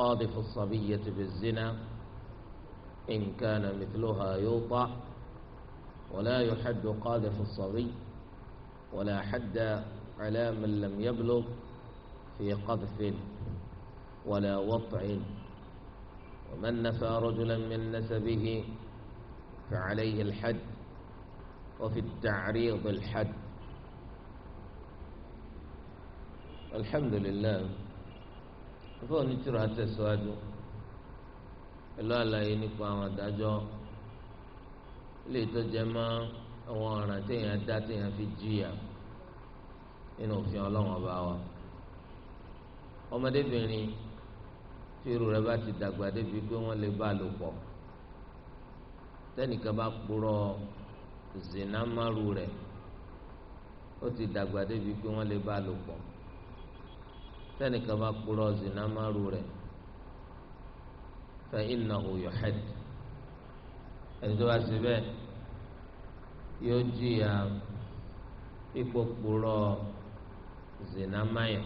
قاذف الصبية بالزنا إن كان مثلها يوطع ولا يحد قاذف الصبي ولا حد على من لم يبلغ في قذف ولا وطع ومن نفى رجلا من نسبه فعليه الحد وفي التعريض الحد الحمد لله ìfọ̀ onítìrọ̀ àtẹ̀síwájú pẹ̀lú àlàyé nípa àwọn àdájọ́ ilé ìtọ́jẹ́ mọ́ àwọn ọ̀ràn téèyàn dá téèyàn fi jìyà nínú òfin ọlọ́wọ́n bá wa ọmọdébìnrin tí irú rẹ̀ bá ti dàgbà débi pé wọ́n lè bá a lò pọ̀ tẹ́nìkan bá kpọ̀rọ̀ zinamáru rẹ̀ ó ti dàgbà débi pé wọ́n lè bá a lò pọ̀ tẹnìkan bá kúrọ zina márùn rẹ̀ fa innahu yuhad ẹni tó bá ṣe bẹ́ẹ̀ yóò jìyà ipò kúrọ zina mayọ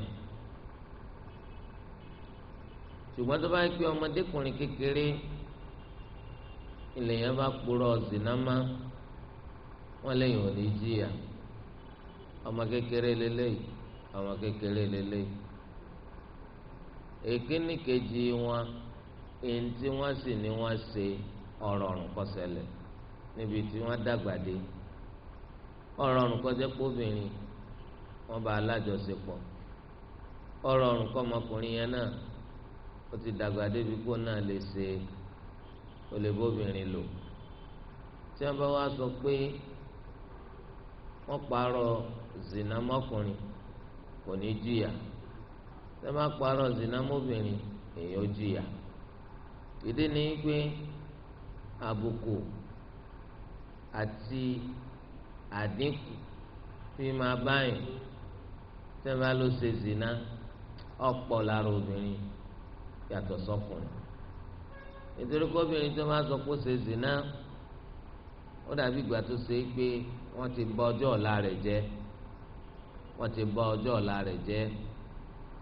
ṣùgbọ́n tó bá ń pe ọmọdékùnrin kékeré ilẹ̀ yẹn bá kúrọ zina wọn lẹ́yìn ò jìyà ọmọ kékeré lélẹ́yìí ọmọ kékeré lélẹ́yìí èkíní keji wọn èyí tí wọ́n sì ní wọ́n ṣe ọ̀rọ̀ ọ̀rùn kọsẹ̀lẹ̀ níbi tí wọ́n dàgbà dé ọ̀rọ̀ ọ̀rùn kọjá kóbìnrin wọ́n bá alájọṣepọ̀ ọ̀rọ̀ ọ̀rùn kọ́mọkùnrin yẹn náà ó ti dàgbà débi kó náà lè ṣe olèbóbìnrin lò tí wọ́n bá wá sọ pé wọ́n parọ́ zina kò ní jìyà tẹ́ máa parọ́ zina mọ́bìnrin èèyàn jìyà ìdí ni pé àbùkù àti àdínkù fi máa báyìí tẹ́ máa ló ṣe zina ọ̀pọ̀ lára obìnrin yàtọ̀ sọ́kùnrin nítorí kóbìnrin tó máa sọ pé ó ṣe zina ó dàbí ìgbà tó ṣe é pé wọ́n ti bọ ọjọ́ ọ̀la rẹ̀ jẹ́ wọ́n ti bọ ọjọ́ ọ̀la rẹ̀ jẹ́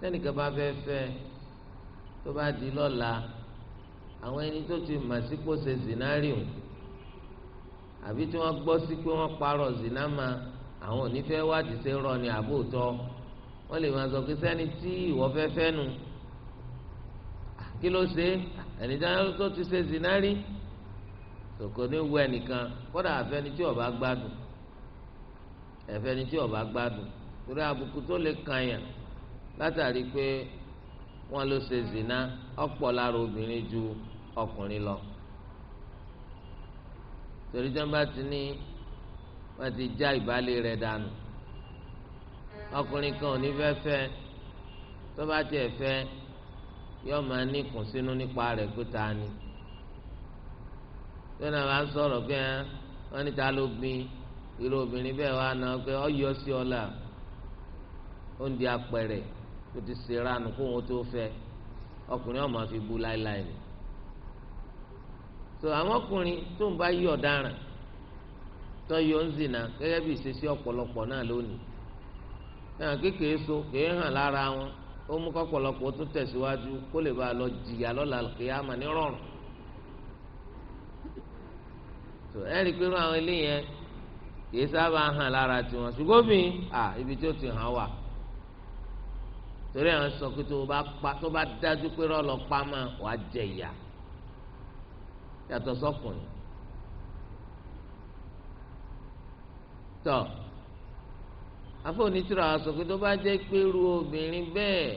tẹnìkan bá fẹ́ fẹ́ tó bá di lọ́la àwọn ẹni tó ti mà sí kó ṣe zinarium àbí tí wọ́n gbọ́ sí pé wọ́n parọ́ zinama àwọn onífẹ́ wádìí ṣe rọ ni àbóòtọ́ wọ́n lè máa sọ pé sẹ́ni tí ìwọ fẹ́ fẹ́ nu kí ló ṣe ẹni tó ti ṣe zinari sòkò ní wọ ẹnìkan kódà àfẹni tí ọba gbádùn ẹfẹni tí ọba gbádùn torí àbùkù tó lè kàn yàn látàrí pé wọ́n ló ṣe zina ọ̀pọ̀ lára obìnrin ju ọkùnrin lọ torí jọba ti ní wọ́n ti já ìbálé rẹ̀ dànù ọkùnrin kan ò ní fẹ́ fẹ́ tó bá tiẹ̀ fẹ́ yóò máa ní kùnsínú nípa rẹ̀ pé ta ni tó náà bá ń sọ̀rọ̀ pé wọ́n ní ta ló gbin irú obìnrin bẹ́ẹ̀ wá náà pé ọ yọ sí ọ là ó ń di apẹ̀rẹ̀. O ti ṣe ránu kó wọn tó fẹ́ ọkùnrin ọmọ fi bu láéláé ni so àwọn ọkùnrin tó ń bá yí ọ̀daràn tó yọ ń zìnà gẹ́gẹ́ bí ìṣesí ọ̀pọ̀lọpọ̀ náà lónìí náà kékeré so kéé hàn lára wọn ó mú kọ́pọ̀lọpọ̀ tó tẹ̀síwájú kó lè bá a lọ jìyà lọ́la kìyàmà ní rọrùn so ẹ pé irú àwọn eléyẹn sábà hàn lára tiwọn ṣùgbọ́n ibi tí ó ti hàn torí àwọn sọ pé tó bá pa tó bá dájú pé rọlọ pamọ́ wàá jẹ ìyà yàtọ̀ sọkùnrin tọ afọ onítìrọ àwọn sọ pé tó bá jẹ́ pé ru obìnrin bẹ́ẹ̀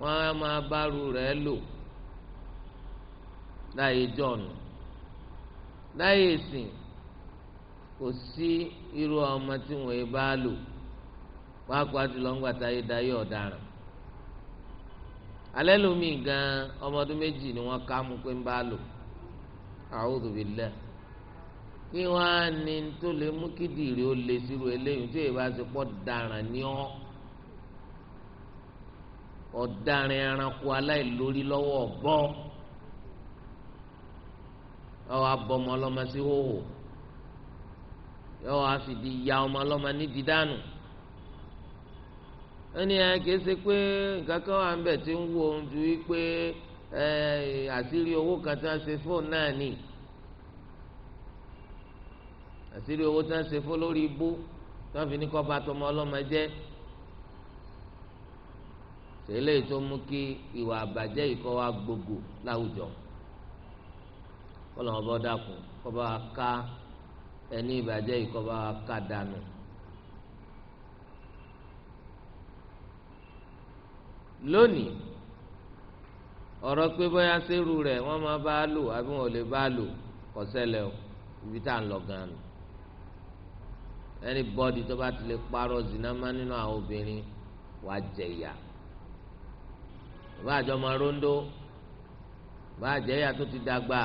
wọ́n á máa bá ru rẹ̀ lò láyé jọ̀nù láyé ìsìn kò sí irú ọmọ tí wọ́n bá lò wàá kó àdúlọ ńgbà táyé dayé ọ̀daràn alẹ́ lomi gan ọmọ ọdún méjì ni wọ́n ká mú pé ń bá lò a'udhu billah kí wọ́n á ní tó lè mú kídìrí ó lè sírò eléyìí tó yẹ bá ti pọ̀ daràn ní ọ́ ọ̀daràn ẹranko aláìlórí lọ́wọ́ ọ̀bọ ọwọ́ abọ́mọ ọlọ́mọ sí hóhò yọ wá fìdí ya ọmọ ọlọ́mọ nídìí dànù. ẹni ẹ kìí ṣe pé nǹkan kan wà ń bẹ̀ tí ń wo ohun ju wípé àṣírí owó kan tí wọ́n ṣe fóònù náà nì àṣírí owó tí wọ́n ṣe fóònù lórí ibú tí wọ́n fi ní gbogbo láwùjọ kọ́ lọ́wọ́ kọ́ bá wa ká ẹni lónìí ọ̀rọ̀ pé bóyá sẹ́rù rẹ̀ wọ́n máa bá a lò àbí wọn ò lè bá a lò kò ṣẹlẹ̀ o ibi tá à ń lọ gan ni ẹni bọ́dì tó bá ti lè parọ́ zina nínú àwọn obìnrin wàá jẹ ìyà bá àjọ máa róńdó bá àjẹ ìyà tó ti dàgbà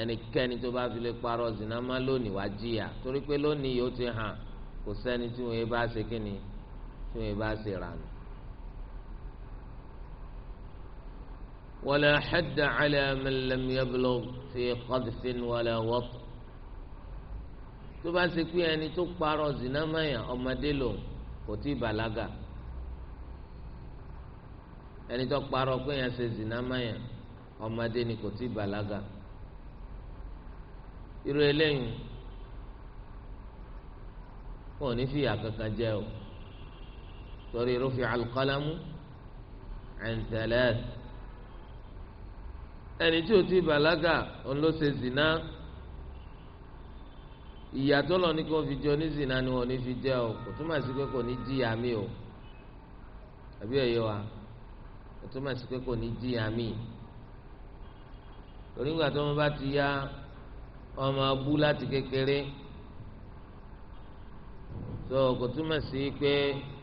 ẹnikẹ́ni tó bá fi lè parọ́ zina lónìí wàá jìyà torí pé lónìí yóò ti hàn kò sẹ́ni tí wọ́n yé bá ṣe kíni tí wọ́n yé bá ṣe rànù. ولا حد على من لم يبلغ في قذف ولا وط. tó bá ṣe pé ẹni tó parọ́ zinamaya ọmọdé lò kò tí ì bàlágà ẹni tó parọ́ pé yẹn ṣe zinamaya ọmọdé ni kò tí ì irú eléyìí wọn ò ní fìyà kankan jẹ o torí rufi alqalamu an ẹni tí ó ti bàlágà òun ló ṣe zina ìyàtọ̀ lọ ní kí wọ́n fi jẹ onízìnnà ni wọ́n ní fi jẹ o kò túmọ̀ sí pé kò ní jìyà mi o àbí ẹ̀yẹ wa kò túmọ̀ sí pé kò ní jìyà mi torí ńgbà tó wọn bá ti ya ọmọ abú láti kékeré tó kò túmọ̀ sí pé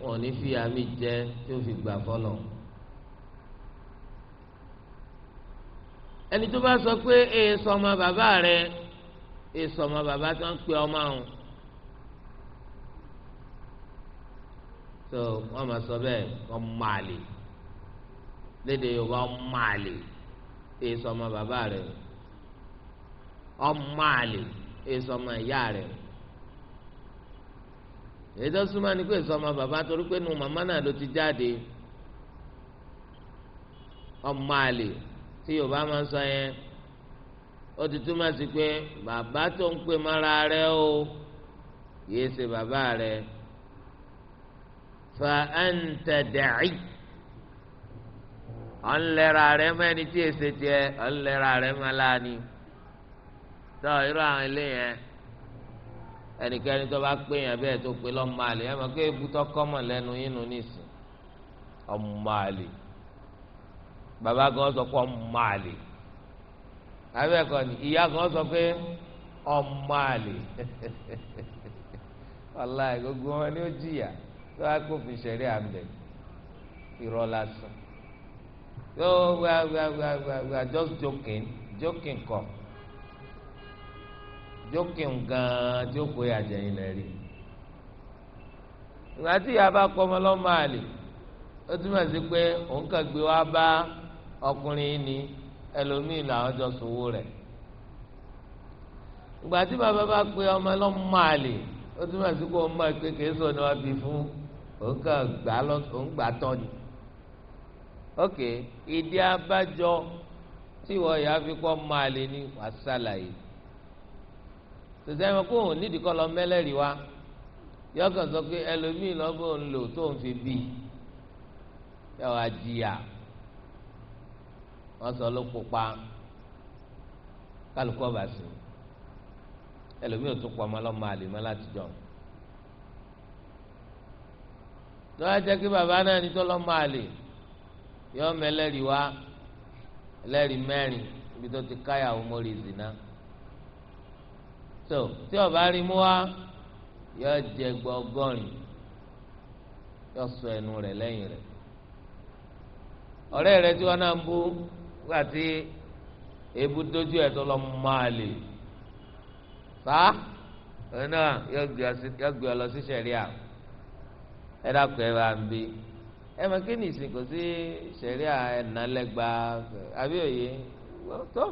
wọ́n ní fìyà mi jẹ tí ó fi gbà fọlọ́. ẹni tó bá sọ pé èè sọmọ bàbá rẹ èè sọmọ bàbá tó ń pè ọmọ àwọn so wọn máa sọ bẹ́ẹ̀ wọn máàlì léde yorùbá wọn máàlì èè sọmọ bàbá rẹ wọn máàlì èè sọmọ ìyá rẹ èyí tó súnmọ́ ni pé èè sọmọ bàbá torí pé nu màmá náà ló ti jáde wọn máàlì tí yorùbá máa ń sọ yẹn ó ti túmọ̀ sí pé bàbá tó ń pè mọ́ra rẹ o yìí ṣe bàbá rẹ fa anta da'i ọ̀nlẹ́ra rẹ mẹ́ni tí èsè tiẹ̀ ọ̀nlẹ́ra rẹ mọ́lá ni tọ́ irú àwọn ilé yẹn ẹnikẹ́ni tó bá pè yàn bẹ́ẹ̀ tó pè lọ́mọ àlè ẹ̀ mọ̀ pé ebutọ́ kọ́mọ̀ lẹ́nu yín nù nísìn ọmọ àlè bàbá gan sọ pé ọmọ àlè abẹ́ẹ̀kọ́ ni ìyá gan sọ pé ọmọ àlè wàláì gbogbo wọn ni ó jìyà tó wá kófin ṣẹ̀rí àmì irọ́ lásán so we are we are we are we are, we are just joking joking kọ joking gan-an tí ó kó ìyàjẹ̀yìn lẹ́ rí ìgbà tí ìyá bá kọ́ ọmọ lọ́mọ àlè ó túmọ̀ sí pé òun kàn gbé wá bá ọkùnrin ni ẹlòmíì làwọn jọ sòwò rẹ̀ ìgbà tí bàbá bá pe ọmọ lọ́mọ àlè ó túmọ̀ sí kó ọmọ ìpè kìí sọ ni wọ́n bí fún òun kàn gbà lọ òun gbà tọ́ ni. ok ìdí abájọ tí ìwọ ìyá fi kọ́ ọmọ ni wà á ṣàlàyé ẹ̀ mọ̀ kó òun nídìí kọ́ lọ mẹ́lẹ́rìí wa yọkàn sọ pé ẹlòmíì lọ́gbọ̀n òun lò tó ń fi bí yọ wá jìyà wọ́n sọ ló pupa kálukú ọba sí ẹlòmíì ò tún pọ̀ ọmọ ọlọ́mọ àlèmọ́ láti jọ lọ́wọ́ jẹ́ kí bàbá náà ní tọ́lọ́mọ àlè yọ ọmọ ẹlẹ́rìí wá ẹlẹ́rìí mẹ́rin ibi tó ti káyàwó mórí zina so tí ọba rí mú wá yọ jẹ gbọgọrin yọ sọ ẹnu rẹ̀ lẹ́yìn rẹ̀ ọ̀rẹ́ rẹ̀ tí wọn náà ń bú nígbà tí ebu dojú ẹ̀ tó lọ máa lè fa òun náà yóò gbé ọ lọ sí sẹ̀ríà ẹ dákun ẹ bá ń bí ẹ mọ kí ni ìsìn kò sí sẹ̀ríà ẹ̀nàlẹ́gba àbí òye tó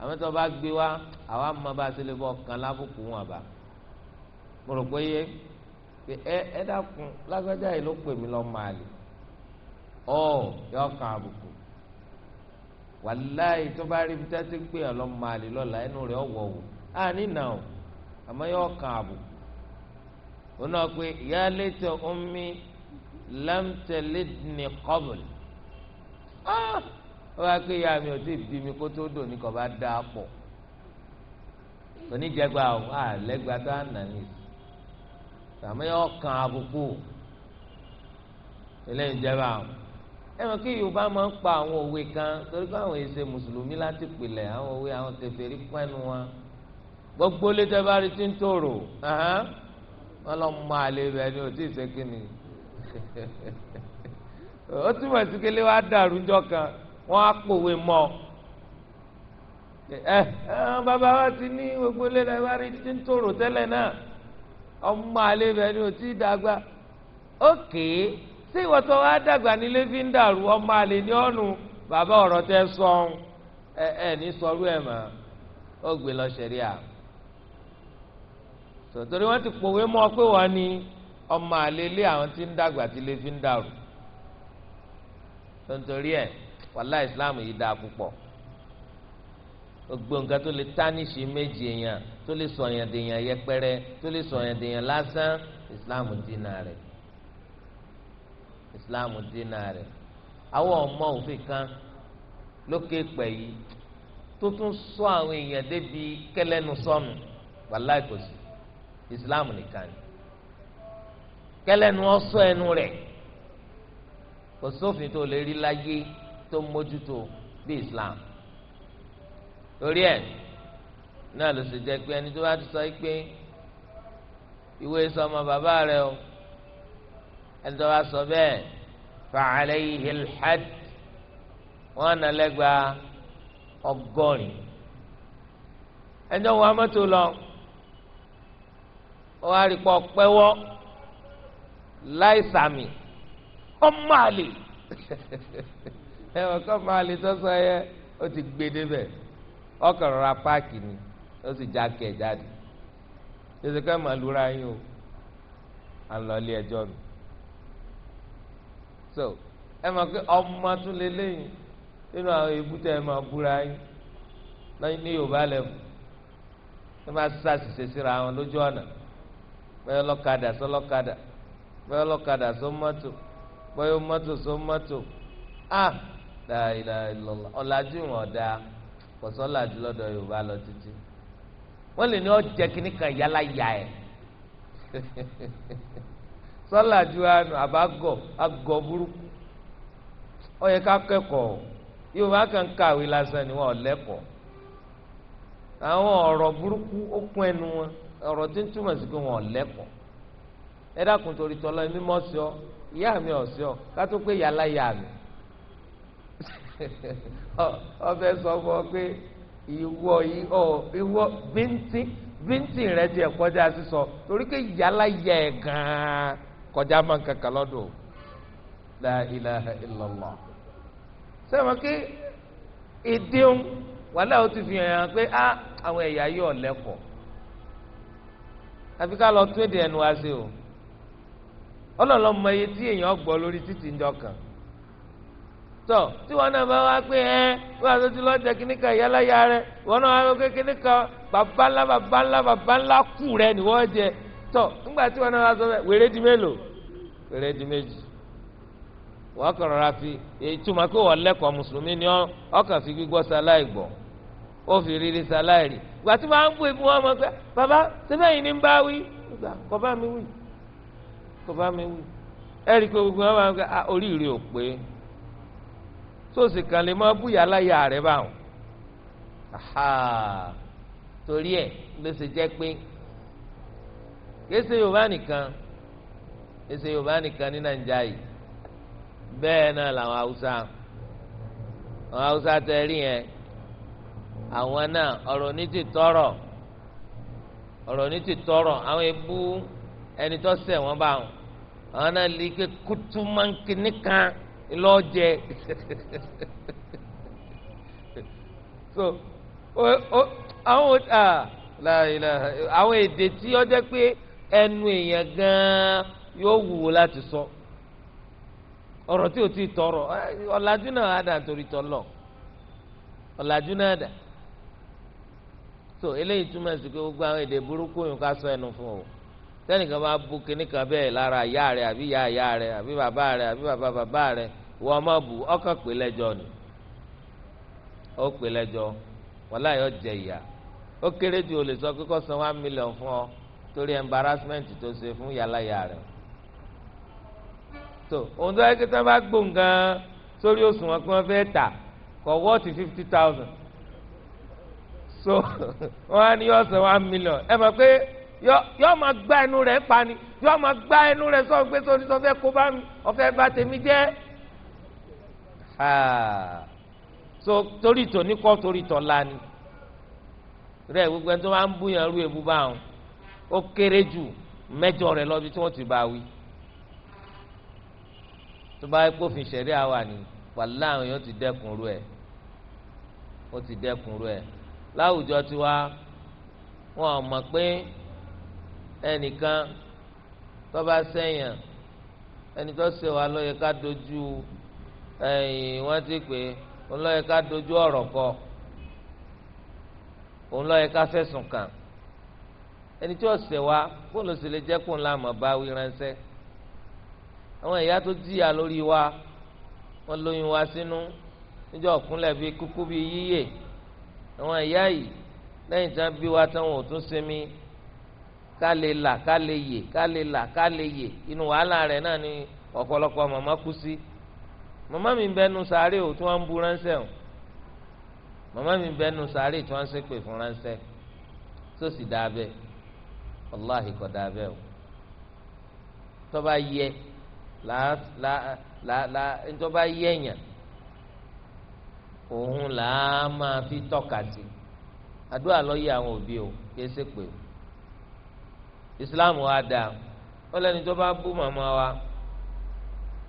àwọn tó bá gbé wa àwa mọ bá a ti lè bọ ọkàn lábùkù wọn bá mo rò pé yé ẹ ẹ dákun lágbájá yìí ló pè mí lọ máa lè ọ yọ ọkàn àbùkù wàláyé tó bá rí bíta ti ń pè ọ lọ máa lè lọ́la ẹnu rẹ̀ ọ̀wọ̀ wò á nínà o àmọ́ yóò kàn àbò ó náà pé ìyá létí omi lámtẹ̀lẹ́dìní kọ́bùl ó wá pé ìyá mi ò tí ì bí mi kó tó dò ní kò bá dá a pọ̀ oníjẹgba o á lẹ́gba tó ànà ní ìsìn àmọ́ yóò kàn àbùkù eléyìí jẹba o ẹnu kí yorùbá máa ń pa àwọn òwe kan torí pé àwọn èsè mùsùlùmí láti pìlẹ̀ àwọn òwe àwọn tẹ̀fẹ̀rí pẹ́nu wọn gbogbo létẹ́ bá rí tí ń tòrò wọn lọ mọ àlè rẹ ni ò tí ì ṣe kí ni ó túmọ̀ sí kele wá dàrú ńjọ kan wọ́n á pòwe mọ́ bàbá wa ti ní gbogbo létẹ́ bá rí tí ń tòrò tẹ́lẹ̀ náà ọmọ àlè rẹ ni ò tí ì dàgbà ókèé. Okay tí wọ́n tó wá dàgbà nílé fi ń dàrú ọmọ àlè ní ọ̀nù bàbá ọ̀rọ̀ tẹ sọ ẹ ẹ ní sọrú ẹ mọ́ ó gbé lọ tòtòrí wọ́n ti pòwe mọ́ pé wọ́n ní ọmọ àlè àwọn tí ń dàgbà tí fi ń dàrú tòtòrí ẹ ìsìláàmù yìí dáa púpọ̀ gbogbo nǹkan tó lè tánìṣì sọ dèèyàn yẹpẹrẹ tó lè islam dínà rẹ̀ àwọn ọmọ òfin kan lókè pẹ̀ yìí tó tún sọ àwọn èèyàn débi kẹlẹ́nu sọnù wàláì kò sí islam nìkan ni kẹlẹ́nu ọsọ ẹnu rẹ̀ kò sófin tó lè rí láyé tó mójútó bí islam torí ẹ̀ náà ló sì jẹ́ pé ẹni tó bá ti sọ pé ìwé sọmọ bàbá rẹ̀ o ẹni tó bá sọ bẹ́ẹ̀ fàálẹ́ ìhìlhad wọn nà lẹ́gba ọgọ́rin ẹni tó wọ amọ́tò lọ wọ́n á rí pọ̀ pẹ́wọ́ láì sàmì ọmọ àlè ẹ̀wọ̀n kọ́ máa lè tọ́sọ yẹ ó ti gbé débẹ̀ ọkọ̀ rọra páàkì ni ó sì já kẹ̀ jáde ṣèṣe ká máa yín o à ilé ẹjọ́ mi so ẹ máa pé ọmọ tún lè léyìn nínú àwọn èbúté ẹ máa búra yín ní yorùbá lẹ́mù ẹ máa ṣàṣìṣe síra wọn lójú ọ̀nà bẹ́ẹ̀ lọ́kadà sọ lọ́kadà bẹ́ẹ̀ lọ́kadà sọ mọ́tò bẹ́ẹ̀ mọ́tò sọ mọ́tò ah láìláìlọ́lá ọ̀làjú wọn ọ̀dà kọ̀sọ́ làjú lọ́dọ̀ yorùbá lọ títí wọ́n lè ní ọ̀jẹ̀ kìnnìkan yálà yà ẹ̀ sọ́là ju àánú àbágọ̀ àgọ̀ burúkú ó yẹ ká kẹ́kọ̀ọ́ yóò bá kàn kàwé lásán ni wọ́n lẹ́kọ̀ọ́ àwọn ọ̀rọ̀ burúkú ó kún ẹnu wọn ọ̀rọ̀ tí ń túmọ̀ sí pé wọ́n lẹ́kọ̀ọ́ ẹ dákun torí tọ́lọ́ ẹ̀mí mọ́ sí ọ ìyá mi ọ̀ sí ọ ká tó pé yàrá yà mí ọbẹ̀ sọ fún ọ pé ìwọ ìwọ bíntín bíntín rẹ ti ẹ̀ kọjá sísọ torí pé yàrá yà ẹ̀ gan-an kọjá máa ń kankan lọ́dọ̀ la ilaha illallah sẹ́wọ̀n kí ìdíhùn wàhálà ó ti fi hàn pé á ah, àwọn ẹ̀yà yóò lẹ́kọ̀ọ́ àfi ká lọ tún èdè ẹnu wá sí o ọlọ́ọ̀lọ́ mọ iye tí èèyàn gbọ́ lórí títì ń jọkàn tọ tí wọn náà bá wá pé ẹ wọn àti tí lọ́ọ́ jẹ kíní kan ìyálàyà rẹ wọn náà wá pé kíní kan bàbá ńlá bàbá ńlá bàbá ńlá kù rẹ ni wọ́n jẹ tọ ńgbà tí wọn náà wá sọ bẹ́ẹ̀ wèrè di mélòó wèrè di méjì wọ́n kọ̀rọ̀ ra fi ìtumọ̀ pé wọ́n lẹ́kọ̀ọ́ mùsùlùmí ni ọkàn fi gbígbọ́ sáláì gbọ́ ó fi rírí sáláì rí ìgbà tí wọ́n á ń bú ebi wọn mọ̀ pé bàbá sẹ́fẹ̀ yìí ni ń bá wí ìgbà kọ́ bá mi wí kọ́ bá mi wí ẹ rí i pé gbogbo wọn máa ń gbé oríire ò pé sóòsì kan lè máa búyà láyà rẹ báwọn torí ẹ ló ṣe jẹ́ pé. Kese yorùbá nìkan kése yorùbá nìkan ní nàìjíríà yìí bẹ́ẹ̀ náà làwọn haúsá àwọn haúsá tẹ rí yẹn àwọn náà ọ̀rọ̀ ní ti tọrọ ọ̀rọ̀ ní ti tọrọ àwọn ebú ẹni tó ṣẹ̀ wọ́n bá wọn àwọn náà lè ké kutu mánkì nìkan lọ́jẹ so o o àwọn ah, àwọn èdè tí ó pé ẹnu èèyàn gan-an yóò wúwo láti sọ ọ̀rọ̀ tí o ti tọrọ ọ̀làjú náà á ọ̀làjú náà so eléyìí túmọ̀ sí pé gbogbo àwọn èdè burúkú yìí ká sọ ẹnu fún o tẹ́nìkan bá bu kínníkan bẹ́ẹ̀ lára ìyá rẹ̀ àbí ìyá ìyá rẹ̀ àbí bàbá àbí bàbá bàbá wọ́n bu ọkàn pè ni ó pè lẹ́jọ́ wọ́n láyọ̀ jẹ ìyá ó kéré ju olè sọ pé kó san one million torí embarrassment tó ṣe fún yàláyà rẹ̀ tó ohun tó yẹ kí sábà gbòǹgàn sórí òṣùwọ̀n kí wọ́n fẹ́ tà kọ̀ wọ́ọ̀tì fifty thousand so wọ́n á ní ọ̀sẹ̀ one million ẹ mọ̀ pé yọ máa gbá ẹnu rẹ̀ pa ni yọ máa gbá ẹnu rẹ̀ sọ̀rọ̀ pé sọ́ni sọ́fẹ́ kó bá mi ọ̀fẹ́ bá tèmi jẹ́ so torí tòní kọ́ torí tọ́lá ni rẹ̀ gbogbo ẹni tó máa ń búyàn rú èbú báwọn ó kéré jù mẹ́jọ rẹ̀ lọ bí tí wọ́n ti bá wí tó bá yẹ kófin ṣẹ̀rí àwa ni wàhálà àwọn èèyàn ti dẹ́kun rú ẹ̀ ó ti dẹ́kun rú ẹ̀ láwùjọ tiwa wọn ò mọ̀ pé ẹnìkan tó bá sẹ́yìn ẹni tó ṣe wà lóye ká dojú ẹ̀yìn wọ́n ti pè é lóye ká dojú ọ̀rọ̀ kọ òun lóye ká fẹ̀sùn kàn ẹni tí ọ̀sẹ̀ wa fóun ló sì lè jẹ́ kóun láàmọ̀ bá wí ránṣẹ́ àwọn ìyá tó jìyà lórí wa wọ́n lóyún wa sínú níjọ́ ọ̀kúnlẹ̀ bíi kúkú bíi yíyè àwọn ìyá yìí lẹ́yìn tí wọ́n bí wa tán wọn ò tún sinmi ká lè là ká lè yè ká lè là ká lè yè inú wàhálà rẹ̀ náà ni ọ̀pọ̀lọpọ̀ màmá kú sí màmá mi bẹnu sáré ò tí wọ́n ń bu ránṣẹ́ o màmá mi bẹnu sáré tí wọ́n ń ṣépè fún ránṣẹ́ tó sì dáa bẹ́ẹ̀ wàláhì kọ̀dà bẹ́ẹ̀ o tọ́ba yẹ la la la la ntọ́ba yẹ̀yàn òun là á máa fi tọ́ka sí àdúrà lọ́yẹ àwọn òbí o kìí ṣe pé o Islam wa dáa ó tó bá bú màmá wa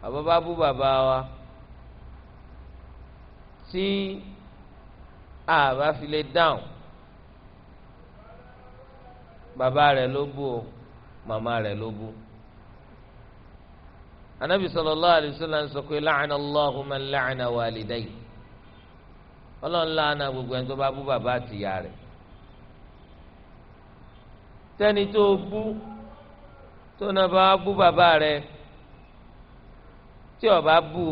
àbá bá bú bàbá wa tí a bá fi lè dáhùn bàbá rẹ̀ ló bú o màmá rẹ̀ ló bú. anabi sallallahu alayhi wa sallam sọ pé la'ana Allahu man la'ana walidayhi Ọlọ́run la'ana gbogbo ẹni tó bá bú bàbá àtìyá rẹ̀ tẹni tó bú tó náà bá bú bàbá rẹ̀ tí ó bá bú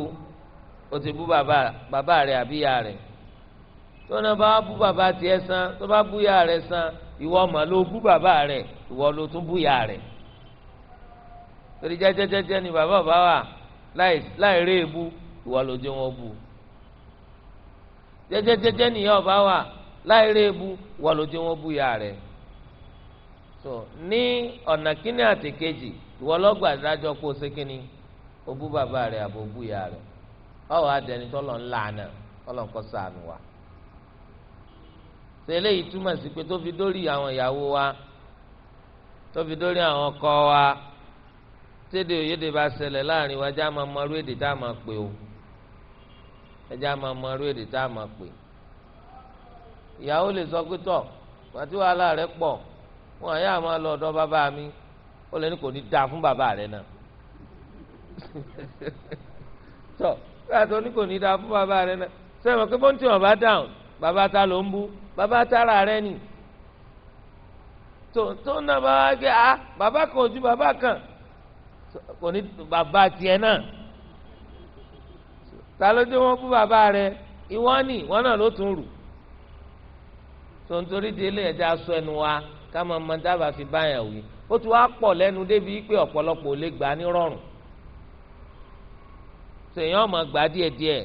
o ti bú bàbá bàbá rẹ̀ àbí ìyá rẹ̀ tó náà bá bú bàbá tiẹ̀ san tó bá bú ìyá rẹ̀ san ìwọ ọmọ ló bú bàbá rẹ ìwọ ló tún bú ìyá rẹ torí jẹjẹjẹjẹ ni bàbá bàbá wà láì rí èbú ìwọ ló jẹ wọn bú jẹjẹjẹjẹ ni ìyá ọba wà láì rí èbú ìwọ ló jẹ wọn bú ìyá rẹ so ní ọ̀nà kíní àti kejì ìwọ lọ́gbà dájọ́ pé o ṣe kíní o bú bàbá rẹ àbò bú ìyá rẹ ọ̀ wá dẹni tọ́lọ̀ ńlá náà ọlọ́nkọ́ sànù wa tẹ́lẹ̀ yìí túmọ̀ sí pé tó fi dórí àwọn ìyàwó wa tó fi dórí àwọn ọkọ wa tédè òyédè bá ṣẹlẹ̀ láàrin wa ẹjẹ́ àmọ́ mọ́rú èdè tá a máa pè o ẹjẹ́ àmọ́ mọ́rú èdè tá a máa pè ìyàwó lè sọ pé tọ̀ pàtí wàhálà rẹ pọ̀ wọn àyà máa lọ ọ̀dọ̀ bàbá mi ó lẹ́ni kò ní dáa fún bàbá rẹ náà tọ́ pé àtọ́ ní kò ní dáa fún bàbá rẹ náà sẹ́wọ̀n pé bóńtì wọn bá dáhùn bàbá ta ló ń bú Baba tara rẹ ni tó tó náà bá wá gbé a ah, bàbá kan ojú bàbá kan kò ní bàbá tiẹ̀ náà ta ló dé wọn kú bàbá rẹ ìwọ ni ìwọ náà ló tún rù tó ń torí de ilé ẹja sọ ẹnu wa ká máa ma dábàá fi báyàn wí ó ti wá pọ̀ lẹ́nu débi pé ọ̀pọ̀lọpọ̀ ò lè gbà á ní rọrùn sèyàn ọmọ gbà díẹ̀díẹ̀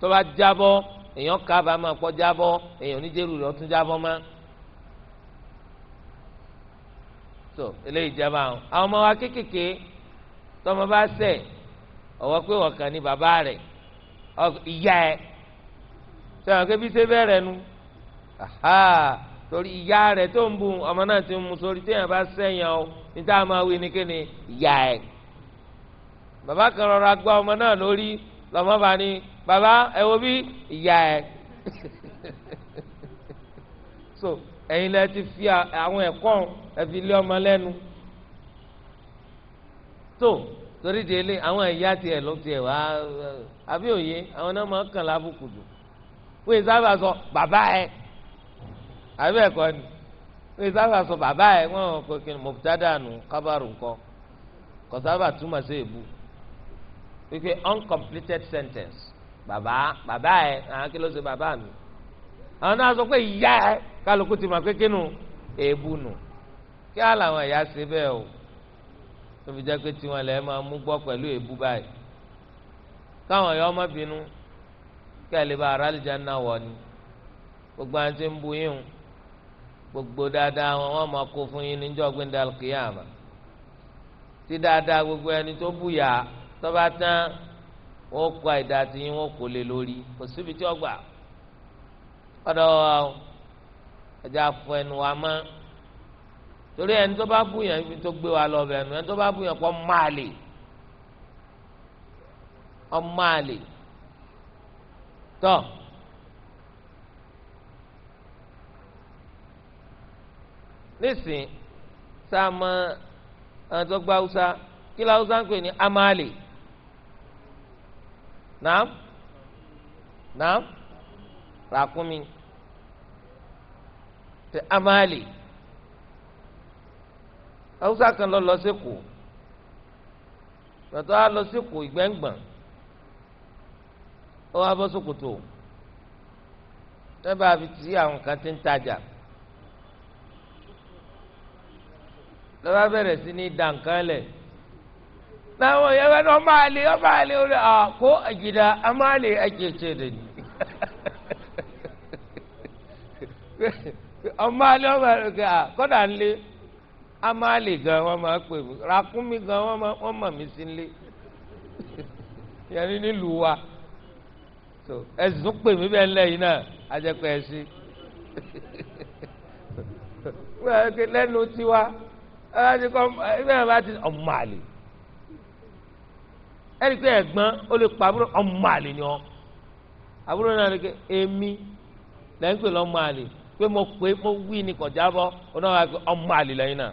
tó bá jábọ́ èèyàn kábàámọ̀ pọ̀ jábọ́ èèyàn oníjẹ́rù rẹ̀ ọtún jábọ́ má. tó eléyìí jẹba àwọn àwọn ọmọ wa kéékèèké tọmọ bá ṣẹ̀ ọwọ́ pé ọ̀kan ni bàbá rẹ̀ ìyá ẹ̀ sọ̀rọ̀ kébí ṣe bẹ̀rẹ̀ nu torí ìyá rẹ̀ tó ń bu ọmọ náà ti mú sórí téèyàn bá sẹ́yìn o níta máa wí ni kí ni ìyá ẹ̀ bàbá kan rọra gbá ọmọ náà lórí lọ́mọ bá bàbá ẹ wo bí ìyá ẹ so ẹ̀yin lẹ ti fi àwọn ẹ̀kọ́ ẹ fi lé ọmọ lẹ́nu tó torí délé àwọn ìyá tiẹ̀ ló tiẹ̀ wá àbí òye àwọn náà máa kàn lábùkù jù wọ́n yìí sábà sọ bàbá ẹ àbí ẹ̀kọ́ ni wọ́n yìí sábà sọ bàbá ẹ wọ́n ò pé kí ni mọ̀tádà nù kábàrù ńkọ́ kò sábà túmọ̀ sí èbú wípé uncompleted sentence bàbá bàbá ẹ àwọn kí ló ṣe bàbá mi àwọn náà sọ pé ìyá ẹ kálukú ti mọ pé kínú èébú nù kí á làwọn ẹ̀yà ṣe bẹ́ẹ̀ o tó fi jẹ́ pé tiwọn lẹ́ẹ̀ máa mú gbọ́ pẹ̀lú èébú báyìí káwọn ẹ̀yà ọmọ bínú kí ẹ lè bá ara àlìjá náà wọ̀ ni gbogbo àwọn tí ń bu yín o gbogbo dáadáa wọn wọn máa kó fún yín níjọ́ gbẹndé alkiyama tí dáadáa gbogbo ẹni tó bùyà tó bá tán wọn kó àìdá tí wọn kò lè lórí kò síbi tí wọn gbà ọ̀dọ̀ ẹja fún ẹnu wa mọ́ torí ẹni tó bá bùyàn ibi tó gbé wa lọ bẹ ẹnu ẹni tó bá bùyàn kọ máa lè ọmọ àlè tọ. nísìnyí sáà mọ ẹni tó gba haúsá kí la haúsá ń pè ní amáàlè naam naam ràkúnmí tẹ amali hausa kan lọ lọ sẹkọọ pẹtọ a lọ sẹkọọ ìgbẹ́ngbọ̀n ó wá bọ́ sókòtò tẹ́bà fi ti àwọn kan ti ń tajà lọ́wọ́ bẹ̀rẹ̀ sí ní dànkán lẹ̀ nawa ya gano mali ya mali wani a ah, ko a gida a mali ake ce da ni amma lè ọmọ rẹ ah, kẹ à kọ́dà ń lé ama lè gan wọn máa pè mí ràkúnmí gan wọn máa wọn mà mí sí lé yẹn nílùú wa so ẹsìn pè mí bẹ́ẹ̀ lẹ́yìn náà ajẹ́pẹ́ ẹsìn lẹ́nu tiwa ẹ bá ti kọ́ ẹ bá ti ọmọ àlè. ẹni pé ẹ̀gbọ́n ó lè pa àbúrò ọmọ àlè ni ọ àbúrò náà lè ké èmi lẹ́yìn pé lọ́mọ àlè pé mo pé mo wí ni kọjá bọ́ ọ̀nà wa pé ọmọ àlè lẹ́yìn náà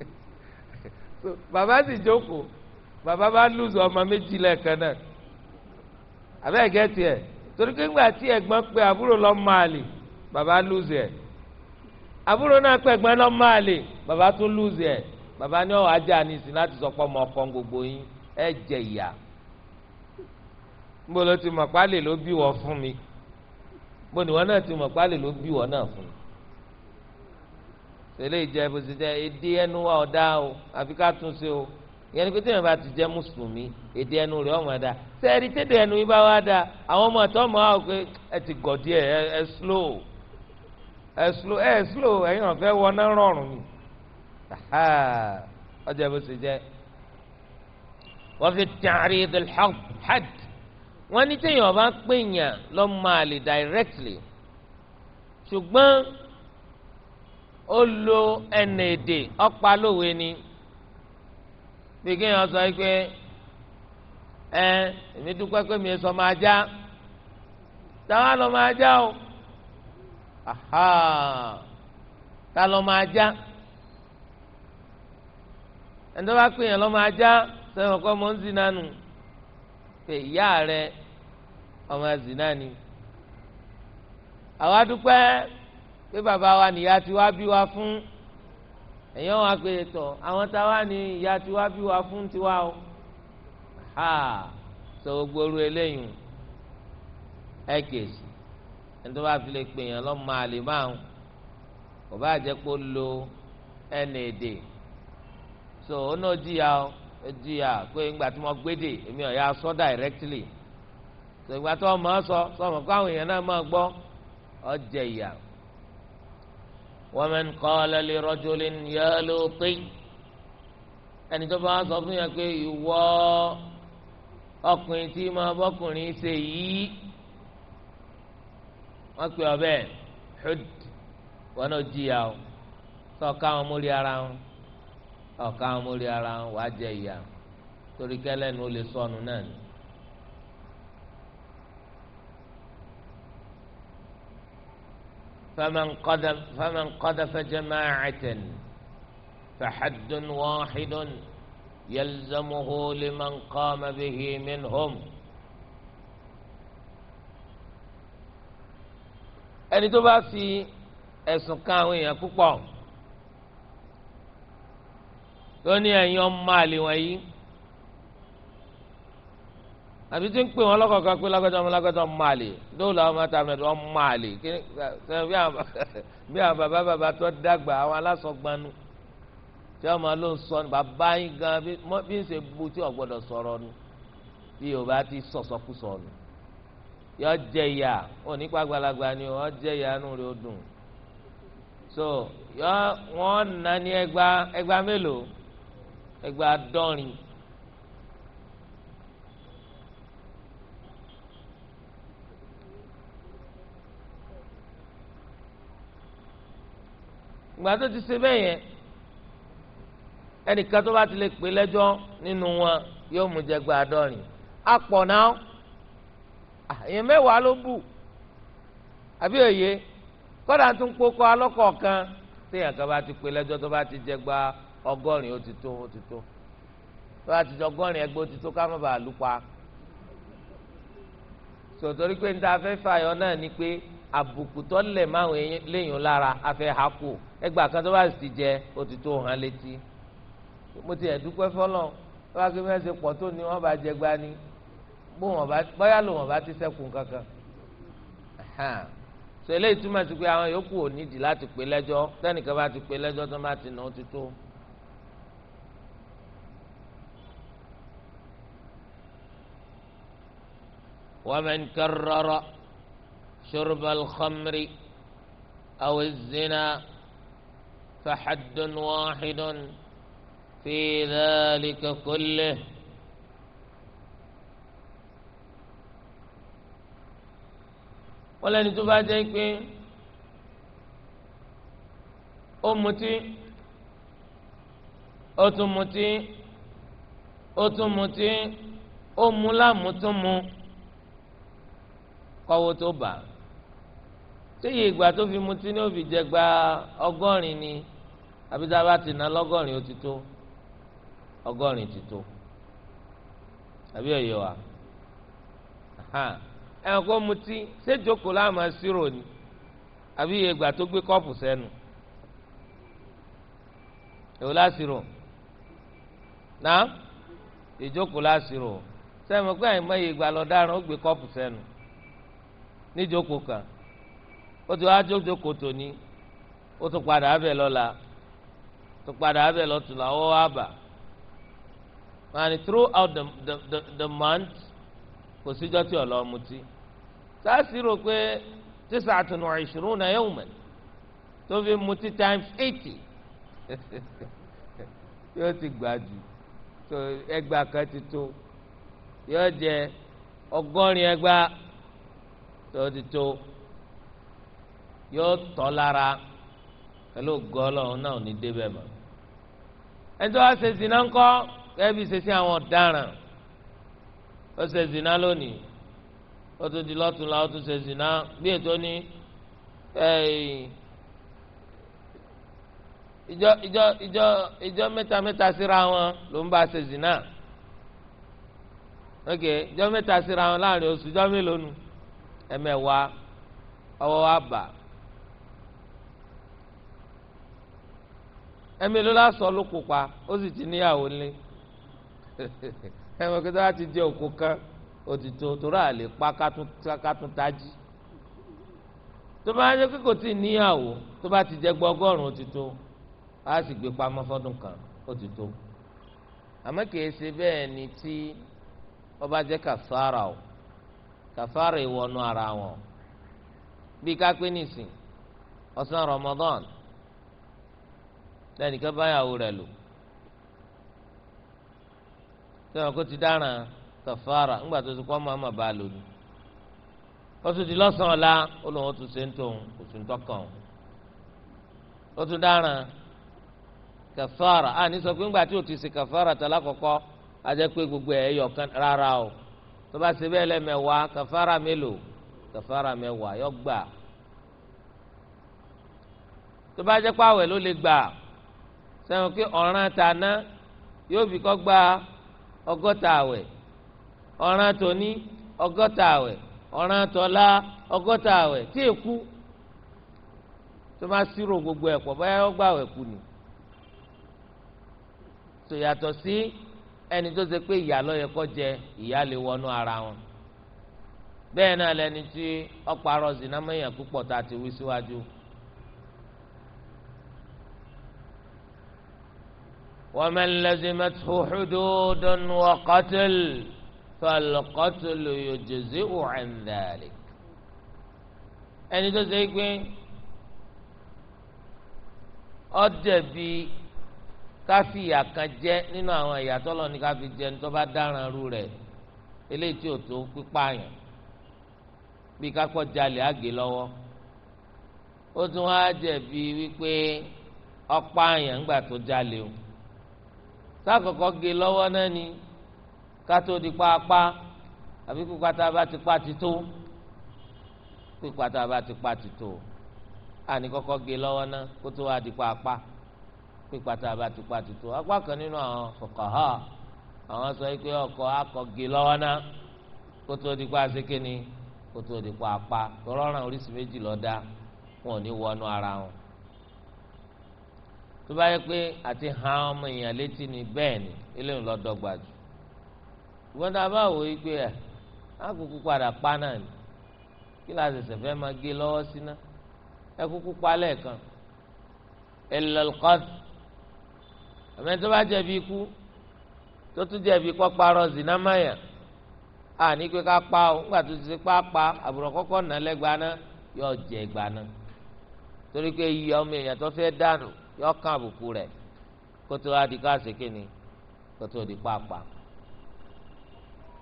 bàbá sì jókòó bàbá bá lùzọ ọmọ méjì lẹ́ẹ̀kan náà àbẹ́ẹ̀ gẹ́tì ẹ̀ torí pé ńgbà tí ẹ̀gbọ́n pé àbúrò lọ́mọ àlè bàbá lùzọ ẹ̀ àbúrò náà pé luzu bàbá ní ọ̀hún ajá ni sìn láti sọ pé ọmọ ọkọ gbogbo yín ẹ jẹ ìyá níbo ló ti mọ̀ pálẹ̀ ló bí wọ́n fún mi bó ni wọ́n náà ti mọ̀ pálẹ̀ ló bí wọ́n náà fún mi tẹ̀lé ìjẹ́ bó ti jẹ́ èdè ẹnu wa ọ̀dá o àfi ká tún ṣe o ìyẹn ni pé téèyàn bá ti jẹ́ mùsùlùmí èdè ẹnu rẹ̀ ọmọ ẹ̀dá sẹ́ẹ̀rí tẹ́tẹ̀ ẹnu yìí bá wá da àwọn ọmọ ẹ̀tọ́ ọmọ àwọn pé ẹ ti gọ̀ díẹ̀ ẹ slow ẹ slow ẹ ọ̀fẹ́ wọná rọrùn ni ọjọ́ bó ṣe jẹ́ wọ́n fi tààrí ìdìl hajj wọ́n ní téèyàn bá pèèyàn lọ́ máa lè directly ṣùgbọ́n ó lo ẹnà èdè ọ̀pá lówe ni bí kéèyàn sọ pé ẹ èmi dúpẹ́ pé mi sọ máa já táwa lọ máa já o ta lọ máa já ẹni tó bá pè yàn lọ́mọ ajá sẹ́wọ̀n kọ́ mọ́ ń zina nù pé ìyá rẹ ọmọ zina ni. àwa dúpẹ́ pé bàbá wa nìyá tí wá bí wa fún èèyàn wa pé tọ̀ àwọn táwa ni ìyá tí wá bí wa fún tiwa o sọ gbogbo oru eléyìí ẹ kèsì ẹni tó bá fi lè pè yàn lọ́mọ àlè máa ń kò bá jẹ́ pé ó lo ẹnì èdè so ó náà jìyà ó jìyà pé ìgbà tí mo gbédè èmi ò yà sọ directly so ìgbà tí wọn máa sọ sọ ma kó àwọn èèyàn náà máa gbọ́ ọ jẹ ìyà. waman qala li rajulin ya Luti ẹni tó bá wá sọ fún yẹn pé ìwọ ọkùnrin tí máa bọ́kùnrin ṣe yìí wọ́n pe ọbẹ̀ Hud wọn náà jìyà ó sọ ká mórí ara wọn. ọ̀ka wọn mórí ara wọn wàá jẹ ìyá torí kẹlẹ́nu ó lè sọnù náà ni. فمن قذف فمن قذف جماعة فحد واحد يلزمه لمن قام به منهم ẹni tó bá fi ẹ̀sùn kan àwọn èèyàn púpọ̀ ó ní ẹ̀yin ọmọ àlè wọ̀nyí àbí tí ń pè wọn lọ́kọ̀ọ̀kan pé lágbàjá ọmọ lágbàjá ọmọ àlè dóòlù àwọn ọmọ tàbí ẹ̀dọ̀ ọmọ àlè bí àwọn bàbá bàbá tó dàgbà àwọn alásọgbanu tí ọmọ ló ń sọ bàbá yín gan bí ń ṣe bu tí ọ̀gbọ́dọ̀ sọ̀rọ̀ nu bí yorùbá ti sọ̀sọ̀kúsọ̀ nù yọ jẹ ìyà onípa àgbàlagbà ni ọ jẹ ìyà nù rẹ ó dùn so yọ wọn nà ní ẹgbàá ẹgbàá mélòó ẹgbẹ́ àádọ́rin ìgbà tó ti ṣe bẹ́ẹ̀ yẹn ẹnìkan tó bá ti lè pè lẹ́jọ́ nínú wọn yóò mú jẹ gba àádọ́rin apọ̀ náà èèyàn mẹ́wàá ló bù àbí òye kọ́dà tún kókó alọ́kọ̀ọ̀kan téèyàn kan bá ti pè lẹ́jọ́ tó bá ti jẹ gba àádọ́rin ọgọ́rin ó ti tó ó ti tó tó bá ti tó ọgọ́rin ẹgbẹ́ ó ti tó ká má bàa lù pa sòtòrí pé níta fẹ́ fàyọ náà ni pé àbùkù tó lẹ̀ máwọn léèyàn lára afẹ́ ha kù ẹgbàá kan tó bá ti jẹ ó ti tó hàn létí mo ti ẹ̀dúpẹ́ fọlọ́n tó bá gbé mẹ́sẹ̀ pọ̀ tó ni wọ́n bá jẹ gbani bó wọn bá bóyá ló wọn bá ti sẹ́kùn kankan so eléyìí túmọ̀ sí pé àwọn yòókù ò nídìí láti pè lẹ́jọ́ tẹ́nìkan bá ti pè lẹ́jọ́ tó bá ti nà ó ti tó. ومن كرر شرب الخمر او الزنا فحد واحد في ذلك كله ولن تفاجئك امتي أتمتي أتمتي أم لا متمو kọ́wọ́ tó bà séyìí ìgbà tó fi mutí ní òfì jẹ gba ọgọ́rin ni àbí bá ti ná lọ́gọ́rin ó ti tó ọgọ́rin ti tó àbí ọ̀yọ́ wa ẹ̀hàn kó mutí séjoko láàmú ni àbí ìgbà tó gbé kọ́ọ̀pù sẹ́nu èwo náà sẹ́mi pé àìmọye ìgbà lọ́daràn ó gbé kọ́ọ̀pù sẹ́nu. níjókòó kan ó ti wá jókòó tòní ó tún padà abẹ lọ́la tó padà abẹ lọ́tùlá ó wá bà and throughout the the the, the month kò síjọ́ tí ọ̀lọ́ mutí sáàsì rò pé tis'atun wa ishruna yawman tó fi mutí times eighty yóò ti gbàdú tó ẹgbàá kan ti tó yóò jẹ ọgọ́rin ẹgbàá tó ti tó yóò tọ́ lára pẹ̀lú gọ́ọ̀lọ́hún náà ní débẹ̀ mọ́. ẹni tó wá ṣe zina ńkọ́ kẹ́bí ṣe sí àwọn ọ̀daràn ó ṣe zina lónìí ó tún di lọ́túnla ó tún ṣe zina bí ètò ní ìjọ ìjọ ìjọ ìjọ mẹ́ta mẹ́ta síra wọn ló ń bá ṣe zina ok ìjọ mẹ́ta síra wọn láàrin oṣù ìjọ mélòó nù. ẹ̀mẹ̀wàá ọwọ́ wa bà ẹ̀mí ló lásọ ló kópa ó sì ti níyàwó nílé ẹ̀mọ̀ kí tó bá ti jẹ́ òkú kan òtítọ́ torí àlè pa kátún tají tó bá yẹ kí kò níyàwó tó bá ti jẹ́ gbọ́gọ́rùn òtítọ́ á sì gbé kan òtítọ́ àmọ́ kìí ṣe bẹ́ẹ̀ ni tí ọba o. kafara ìwọ̀nù ara wọn bí kápẹ́ nìsín ọ̀sán Ramadan lẹ́nìkan báyàwó rẹ̀ lò sẹ́wọ̀n kó ti dáràn kàfàrà ńgbà tó ti kọ́ ọmọ ọmọ bá lò ní oṣù lọ́sàn ọ̀la ó lóun tún ṣe ń tóun kò tún tọkàn ó tún sọ pé ńgbà tí o ti ṣe a pé gbogbo ẹ̀ yọ̀ kan rárá o. tó bá ṣe bẹ́ẹ̀ lẹ́mẹ̀wàá kàfàrà mélòó kàfàrà mẹ́wàá yọ gbà tó bá jẹ́ pàwẹ̀ ló lè gbà sẹ́wọ̀n pé ọ̀ràn tàná yóò fi kọ́ gba ọgọ́ta àwẹ̀ ọ̀ràn tòní ọgọ́ta àwẹ̀ ọ̀ràn tọ́lá ọgọ́ta àwẹ̀ tí èkú tó sírò gbogbo ẹ̀pọ̀ báyọ̀ gbà àwẹ̀ kù ni tòyàtọ̀ sí ẹni tó ṣe pé ìyá lọ́yẹ kọ́ jẹ ìyá lè wọnú ara wọn bẹ́ẹ̀ náà lẹni tí ọ̀parọ̀ zinamẹ́yàn púpọ̀ tá a ti wí síwájú. ومن لزمته حدود وقتل فالقتل يجزئ عن ذلك ẹni tó ṣe pé ọ̀dẹ̀ bíi káfí ìyà kan jẹ nínú àwọn ìyà tọ́lọ̀ ní káfí jẹ ní tó bá dáràn rú rẹ̀ eléyìí tí ò tó àyàn bí kápọ̀ jalè àgè lọ́wọ́ ó tún wá bí wípé àyàn ńgbà tó jalè o sákòókò gé lọ́wọ́ náà ni kátó di pápá àbí pípa tá a bá ti pa ti tó pípa tá a bá ti pa ti tó àní kọ́kọ́ gé lọ́wọ́ náà kó tó wá di pápá. pípa tá a bá ti pa tutù apá kan nínú àwọn fuqaha àwọn sọ pé ọkọ̀ akọ̀gé lọ́wọ́ ná kó tó di pa àṣekè ni kó tó di pa apá tọ́lọ́ràn oríṣi méjì lọ́ọ́ dá wọn ò ní wọnú ara wọn. tó bá yẹ pé àti han ọmọ èèyàn létí ni bẹ́ẹ̀ ni eléyìí lọ́ọ́ dọ́gba jù ìwọ́n tá a bá wò ó pé ẹ̀ á kúkú padà pa náà ni kí la ṣẹ̀ṣẹ̀ fẹ́ máa gé lọ́wọ́ sí ná ẹ kúkú pa lẹ́ẹ̀kan ẹ̀ lọ́ọ́ kọ́ọ̀tù àmọ́ tó bá jẹ̀bi ikú tó tún jẹ̀bi kọ́ parọ́ zinamaya a ní pé ká pa o nígbà tó ti ṣe pa pa kọ́kọ́ yọ jẹ gbaná torí pé iye ọmọ èèyàn tó fẹ́ dànù yọ kàn àbùkù rẹ̀ kó tó adi ká ṣe kíni kó tó di pàápàá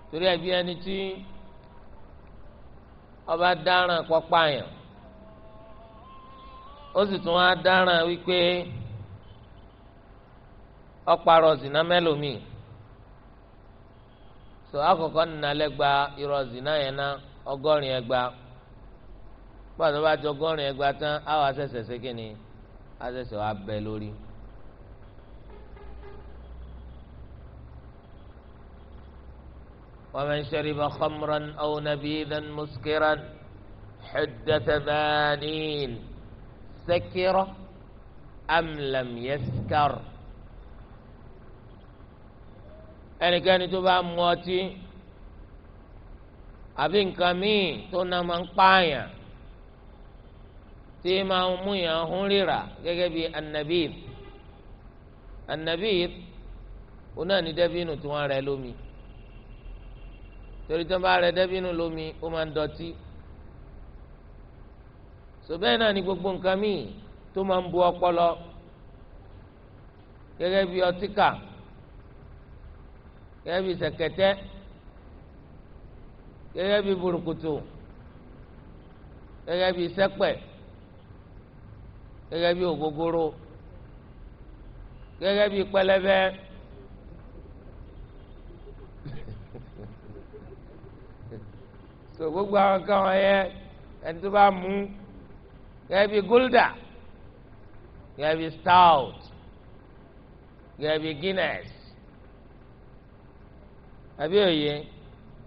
torí ẹbí ẹni tí ọba dáràn kọ́ pààyàn ó sì tún ọparọ zina mẹlòmíì so akọkọ nnalẹ gba irọ́ zina yẹn ná ọgọ́rin ẹgba pàtó bá ti ọgọ́rin ẹgba tán àwọn asẹsẹ sékìní asẹsẹ wa bẹ lórí. ومن شرب خمرا أو نبيذا مسكرا حد ثمانين سكر أم لم يسكر ẹnikẹ́ni tó bá mu ọtí àbí nǹkan míì tó ná máa ń pààyàn tí máa ń mú yàn hún ríra gẹ́gẹ́ bí anabib anabib òun náà ní dẹ́bínú tí wọ́n rẹ lómi torí tí wọ́n bá rẹ dẹ́bínú lómi ó máa ń dọtí sọbẹ́ẹ̀ náà ní gbogbo nǹkan míì tó máa ń bu ọpọlọ gẹ́gẹ́ bí ọtíkà. So gẹ́gẹ́ bí sẹ̀kẹ̀tẹ́ gẹ́gẹ́ bí burúkutu gẹ́gẹ́ bí sẹ́pẹ̀ gẹ́gẹ́ bí ògógóró gẹ́gẹ́ bí pẹlẹbẹ so gbogbo àwọn kan wọn yẹ ẹni tó bá mú gẹ́gẹ́ bí gulda gẹ́gẹ́ bí stout gẹ́gẹ́ bí guinness àbí òye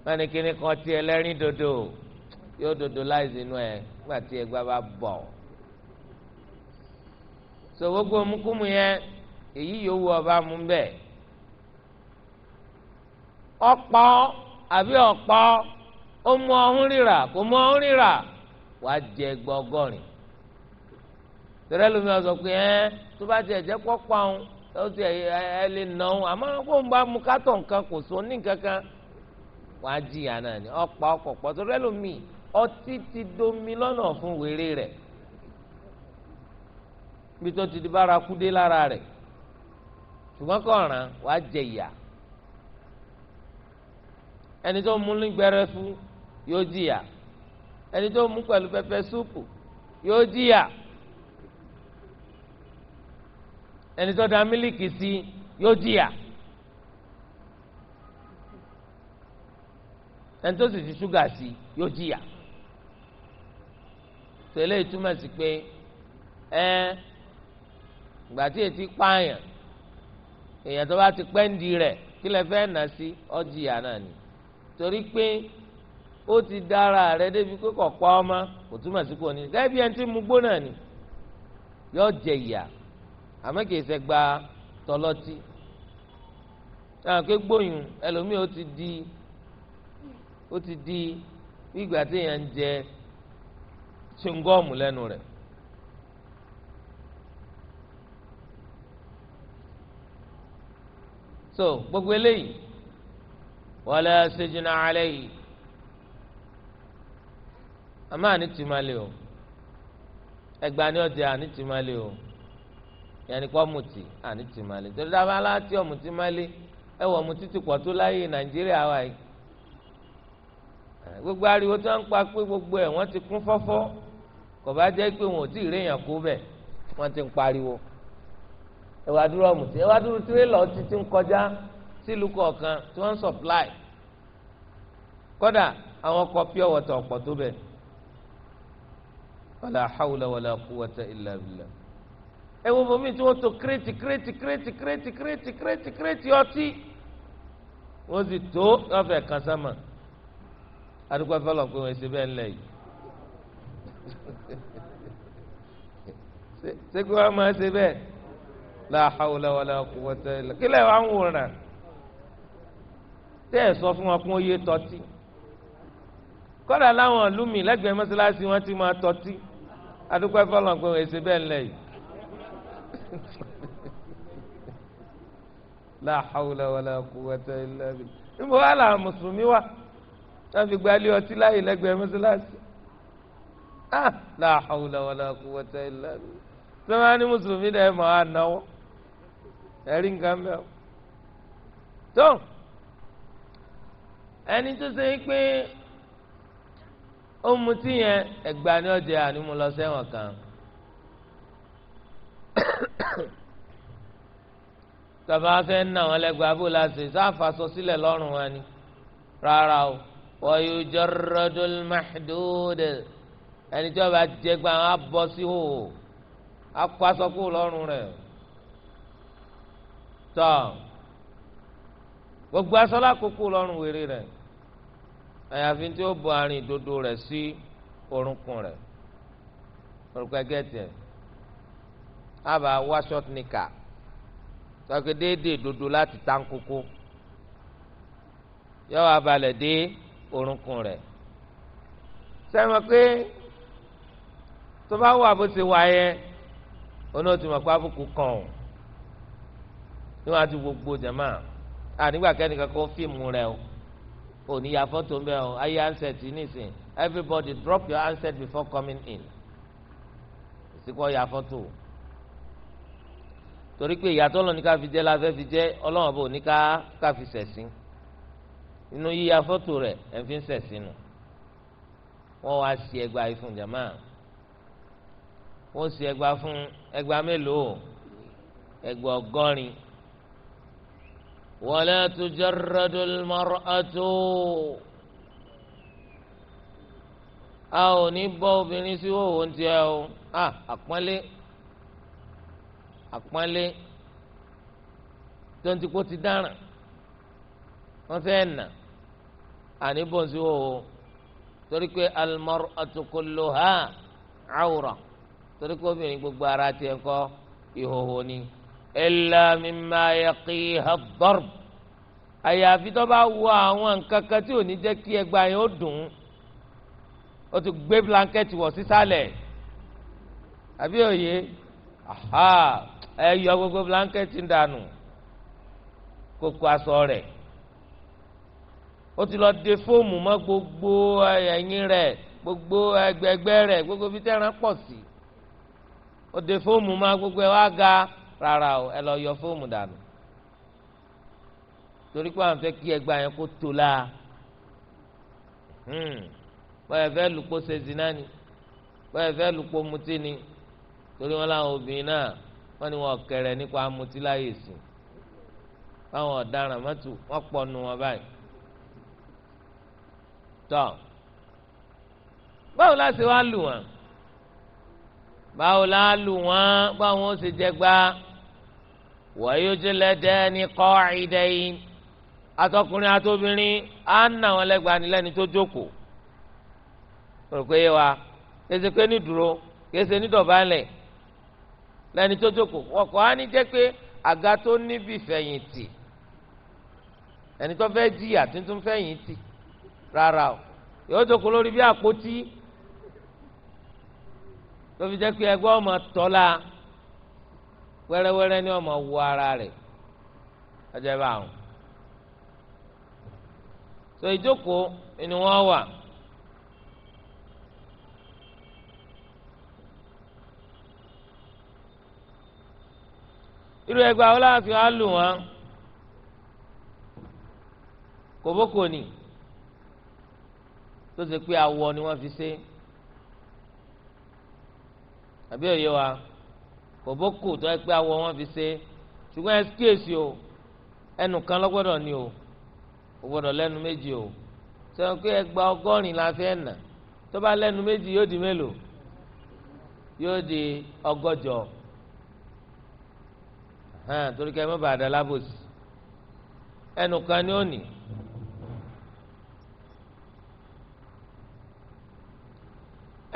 wọn ni kíni kan ti ẹlẹ́rìn dodo yóò dodo láìsí inú ẹ nígbà tí ẹgbẹ́ bá bọ̀ so gbogbo mukumu yẹn èyí yòówù ọba mú bẹ́ẹ̀ ọ̀pọ̀ àbí ọ̀pọ̀ ó mú ọ̀hún rírà kò mú ọ̀hún rírà wàá jẹ ẹgbẹ́ ọgọ́rin tẹ́lẹ̀ lómi ọ̀sọ̀ pé ẹ́ tó bá jẹ ẹ̀jẹ̀ pọ̀ pọ̀ ọ̀hún. ó ti ẹ lè nà ó àmọ́ kó ń bá mu kátó nǹkan kò sọ ní kankan wọ́n jìyà náà ni ọ̀pọ̀ ọ̀pọ̀ tó rẹ́ lómi ọtí ti domi lọ́nà fún wèrè rẹ̀ bí tó ti di bára lára rẹ̀ ṣùgbọ́n jẹ ẹni tó da mílíkì sí yóò jìyà ẹni tó sì fi ṣúgà sí yóò jìyà tẹ́lẹ̀ ìtumọ̀ sí pé ẹ ìgbà tí pààyàn tó bá ti pẹ́ ń di rẹ̀ kí lẹ fẹ́ nà sí torí pé ó ti dára rẹ débi pé pa ọmọ kò túmọ̀ sí kò ní gẹ́gẹ́ bí ẹni tí àmọ́ kìí ṣe gba tọlọ́tì táwọn ké gbóyún ẹlòmíì ó ti di ó ti di ìgbà tí èèyàn ń jẹ ṣingọ́ọ̀mù lẹ́nu rẹ̀. so gbogbo eléyìí wala sijna alayhi àmọ́ àní tìmálẹ̀ o ẹgbàá ni ọjà àní tìmálẹ̀ o yẹnni kọ́ mutì àní tì má lé torí dábàá láti ọ̀mùtí má lé ẹ wọ̀ ọ̀mùtí ti pọ̀ tó láyé nàìjíríà wa yìí gbogbo ariwo tí wọ́n ń pa pé gbogbo ẹ̀ wọ́n ti kún fọ́fọ́ kò bá jẹ́ pé wọn ò tí ì réyàn kó bẹ̀ wọ́n ti ń pariwo ẹ wá dúró ọ̀mùtí ẹ wá dúró tirẹ́là ọtí ti ń kọjá sílùú kọ̀ọ̀kan tí wọ́n ń supply kódà àwọn ọkọ̀ pure water ọ̀pọ̀ tó bẹ̀ wàlà hàwùlà ẹ wo bomi tí wọ́n to kírètì kírètì kírètì kírètì kírètì kírètì kírètì ọtí wọ́n sì tó ọ̀fẹ́ kan sámà adúgbò fẹlẹ pé wọ́n ṣe bẹ́ẹ̀ ńlẹ̀ yìí ṣé kí wọ́n máa ṣe bẹ́ẹ̀ la hawla wala quwwata illa kílẹ̀ wà ń wòran tẹ́ ẹ̀ sọ fún wọn kí wọ́n yé tọ́tí kọ́dà láwọn ìlú mi lẹ́gbẹ̀ẹ́ mọ́ṣáláṣí wọ́n ti máa tọ́tí adúgbò fẹlẹ pé wọ́n ṣe bẹ́ẹ̀ ńlẹ̀ yìí la hawla wala quwwata illa billah níbo wà láwọn mùsùlùmí wà wọ́n fi gbalẹ̀ ọtí láàyè lẹ́gbẹ̀ẹ́ mọ́sálásí ah la hawla wala quwwata illa billah sọ́wọ́n ní mùsùlùmí dẹ̀ mọ́ ànáwọ́ ẹ̀rí nǹkan bẹ́ẹ̀ tó ẹni tó ṣe é pé ó mutí yẹn ẹgbàá ni ọjà ànímú lọ sẹ́wọ̀n kan. tàbá fẹ́ nà wọn lẹ́gbàá bó la ṣe sáfàṣọ sílẹ̀ lọ́rùn wọn ni rárá o wọ́yọ̀ jọ́rọ́dún máḥdúdẹ̀ ẹni tí wọ́n bá jẹ gba àwọn abọ́ sí hò akọ aṣọ kúrò lọ́rùn rẹ̀ tọ́ gbogbo aṣọ lákòókò lọ́rùn wèrè rẹ̀ àyàfi tí ó bọ àárín ìdodo rẹ̀ sí orúnkún rẹ̀ orúkọ ẹgẹ́tì ẹ̀ á bá wá ṣọ́ọ̀tì nìkà sọ̀kè déédéé dodo láti tán kókó yọ wá balẹ̀ dé orúnkún rẹ̀ sẹ́wọ̀n pé tó bá wà bó ṣe wà yẹn oní òtún mọ̀ pé àbùkù kàn ọ́ níwọ̀n àti gbogbo jẹ̀mọ́ à nígbà kẹ́nìkan kó fíìmù rẹ̀ o ò ní ya fọ́tò mbẹ́ o ayé handset nísìn everybody drop your handset before coming in ìsìnkú ọ̀ ya fọ́tò o torí pé ìyàtọ̀ lọ́ni ká fi jẹ́ la fẹ́ fi jẹ́ ọlọ́run bò ní ká ká fi sẹ̀sìn inú yíya fọ́tò rẹ̀ ẹ̀ fi ń sẹ̀sìn nù wọ́n wá sí ẹgba ìfún jama wọ́n sí ẹgba fún ẹgba mélòó ẹgba ọgọ́rin wala tujarradul mar'atu a ò ní bọ́ obìnrin sí òwò ń tiẹ̀ o àpọ́nlé. Ah, àpọ́nlé tó ń ti kó ti dáràn wọ́n fẹ́ nà àní bọ́ǹsì wò ó torí pé al-mar'atu kulluha awra torí pé obìnrin gbogbo ara tiẹ̀ ń kọ́ ìhòhò ni illa mimma yaqiha ad-darb àyàfi tó bá wọ àwọn nǹkan kan tí ò ní jẹ́ kí ẹgbà yẹn ó dùn ó ti gbé blanket wọ̀ sísàlẹ̀ àbí òye. aha ẹ yọ gbogbo blanketi dànù kókó aṣọ rẹ̀ ó ti lọ de fóòmù mọ́ gbogbo ẹ̀yìn rẹ̀ gbogbo ẹgbẹgbẹ rẹ̀ gbogbo bíi tẹran pọ̀ sí ó de fóòmù mọ́ gbogbo ẹ wá ga rárá o ẹ lọ yọ fóòmù dànù torí pé àwọn fẹ́ kí ẹgbà yẹn kó tó la hmm. bọ́yẹ̀ fẹ́ lùpọ̀ ṣe zina ni bọ́yẹ̀ fẹ́ lùpọ̀ mutí ni. torí wọn láwọn obìnrin náà wọn ni wọn kẹrẹ nípa amutí láyè sí báwọn ọ̀daràn mọ́tò wọn pọ̀ nù wọn báyìí tọ́ báwo la ṣe wá lù wọn báwo la lù wọn báwọn ó ṣe jẹ gbá wọ́yọ́jọ́lẹ̀ dẹ́ni kọ́ ìdẹ́yìn atọkùnrin atóbìnrin á nà wọn lẹ́gbàáni tó jókòó rò pé pé ní dúró kèsì ní dọ̀bálẹ̀ lẹ́ni tó jókòó wọ̀kọ̀ á ní jẹ́ pé àga tó níbi fẹ̀yìntì ẹni tó fẹ́ jìyà tuntun fẹ̀yìntì rárá o yóò jókòó lórí bí àpótí tó fi jẹ́ pé ẹgbẹ́ ọmọ tọ́lá wẹ́rẹ́wẹ́rẹ́ ni ọmọ wọ ara rẹ̀ ọjọ́ ìbá wọn. so ìjókòó ni wọ́n wà. irú ẹgbẹ́ àwọn láti wá lù wọ́n kòbókò ni tó ṣe pé awọ ni wọ́n fi ṣe àbí òye wa kòbókò tó ṣe pé awọ wọ́n fi ṣe ṣùgbọ́n ẹ kíyèsí o ẹnu kan lọ́gbọ́dọ̀ ni o ò gbọ́dọ̀ lẹ́nu méjì o sọ pé ẹgbà ọgọ́rin la fẹ́ nà tó bá lẹ́nu méjì yóò di mélòó yóò di ọgọ́jọ hàn torí kẹ́ ẹ má bàa dá lábòsí ẹnu kan ni ó nì.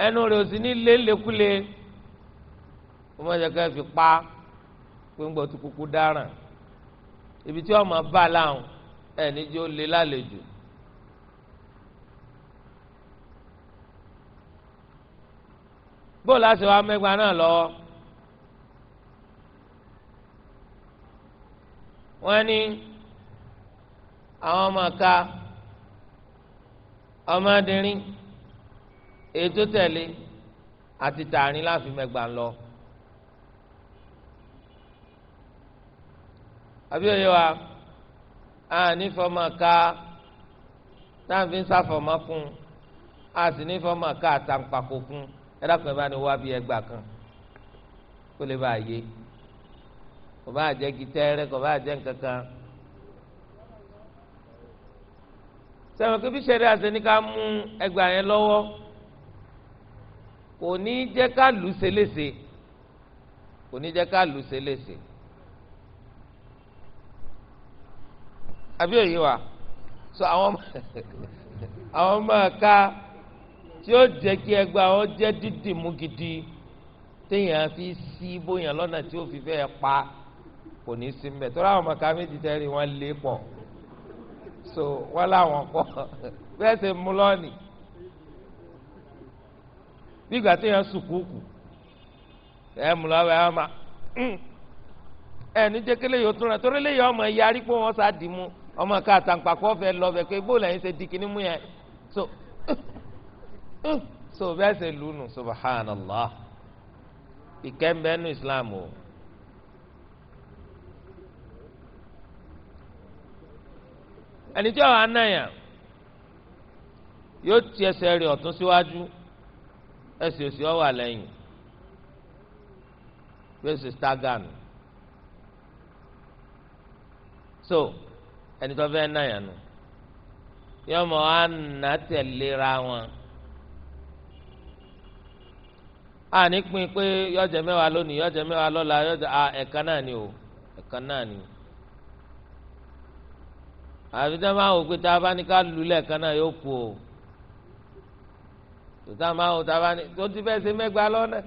ẹnu rẹ̀ ò sí ní lélekule wọ́n máa jẹ́ ká fi pa gbẹ́ngbọ́ tó kúkú dáràn ibi tí wọ́n máa bá láwọn ẹni jẹ́ lé lálejò. bóòlù àti wa mẹ́gbàá náà lọ́wọ́. wọ́n ní àwọn ọmọ ká ọmọdérín ètò tẹ̀lé àti tààrin láàfin mẹ́gbà lọ. àbíòye wa a nífọ̀mọ̀ ká táàbí ń sáfọ̀mọ́ kún a sì nífọ̀mọ̀ ká àtàǹpàkò kún ẹ dákun ẹ bá ní wá bí ẹgbà kan kó lè bá a yé kò bá jẹ́ gitẹ́rẹ́ kò bá jẹ́ nkankan. sẹ́wọ̀n kí bí sẹ́rí àṣẹ ní ká mú ẹgbàá yẹn lọ́wọ́ kò ní jẹ́ ká lù ú ṣeléṣe kò ní jẹ́ ká lù ú ṣeléṣe. àbí òye wa sọ àwọn ọmọ ẹ̀ka tí ó jẹ́ kí ẹgbàá ọ jẹ́ dídìmú gidi téèyàn fi sí bóyá lọ́nà tí ó fi fẹ́ pa á kò ní sí mbẹ tó láwọn màkà méjì tẹ́rì wọ́n lé pọ̀ so wọ́n láwọn kọ́ bẹ́ẹ̀ ṣe mú lọ́ọ̀nì bí ìgbà tó yẹn sùkúùkù ẹ̀ mú lọ́wọ́ ẹ̀ ọmọ ẹ̀ ní jẹ́kẹ́lẹ́ yóò tún rẹ̀ torí lè yọ ọmọ yarí pé wọ́n sá dì mú ọmọ ká àtàǹpàkọ́ fẹ́ lọ bẹ̀ pé bóòlù ẹ̀yin ṣe di kíní mú yẹn so so bẹ́ẹ̀ ṣe lùnù subhanallah ìkẹ́ńbẹ́nu islam o. ẹni tí ọ̀hún anáyà yóò ti ẹsẹ̀ rẹ̀ ọ̀tún síwájú ẹsẹ̀ òsì ọ̀wà lẹ́yìn gbèsè stagan so ẹni tó fẹ́ náyà nù yóò mọ̀ á nà wọn a ni pin, pé yọjẹ mẹ́wàá lónìí yọjẹ mẹ́wàá lọ́la yọjẹ ẹ̀ka náà ni o eka náà ni àfi tí wọn bá wò pé tá a bá ní ká lù lẹ́ẹ̀kan náà yóò kú o tó tá a máa wò tá a bá ní tó ti fẹ́ ṣe mẹ́gbàá lọ́nà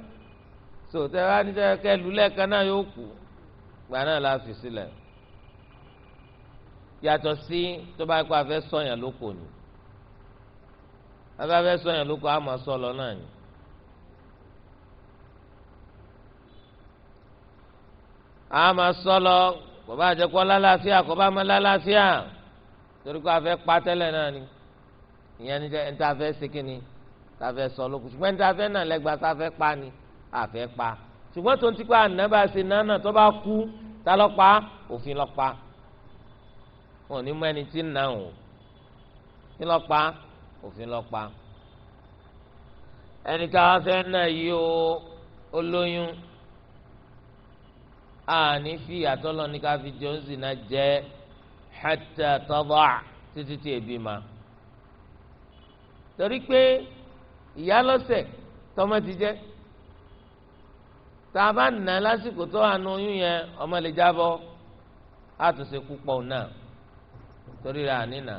tó tá bá ní kẹ́ lù lẹ́ẹ̀kan náà yóò kú gbà náà la fi sílẹ̀ yàtọ̀ sí tó bá kó a sọ̀yàn lóko ni a bá sọ̀yàn lóko a máa náà ni. a máa sọ̀ lọ kò bá jẹ́ kó lálàáfíà kò bá máa lálàáfíà torí pé a fẹ́ pa tẹ́lẹ̀ náà ni ìyẹn ní ẹni tá a fẹ́ ṣe kíni tá a fẹ́ sọ lókun ṣùgbọ́n ẹni tá a fẹ́ nà lẹ́gbàá tá a fẹ́ pa ni a fẹ́ pa ṣùgbọ́n tó ń tipa ànábà ṣe nánà tó bá kú tá lọ́ pa òfin lọ́ pa wọn ò ní mọ ẹni tí ń nà ò kí lọ́ pa òfin lọ́ pa ẹni tá a fẹ́ nà yìí o olóyún àní fi àtọ́lọ́ ní ká fi jẹun náà jẹ́ ẹ́. hàtà tọ́dọ̀ títí tí ebi ma torí pé ìyá lọ́sẹ̀ tọ́mọ ti jẹ́ tá a bá nà lásìkò tó àánú oyún yẹn ọmọ lè jábọ́ á tún ṣe púpọ̀ náà torí ra nínà.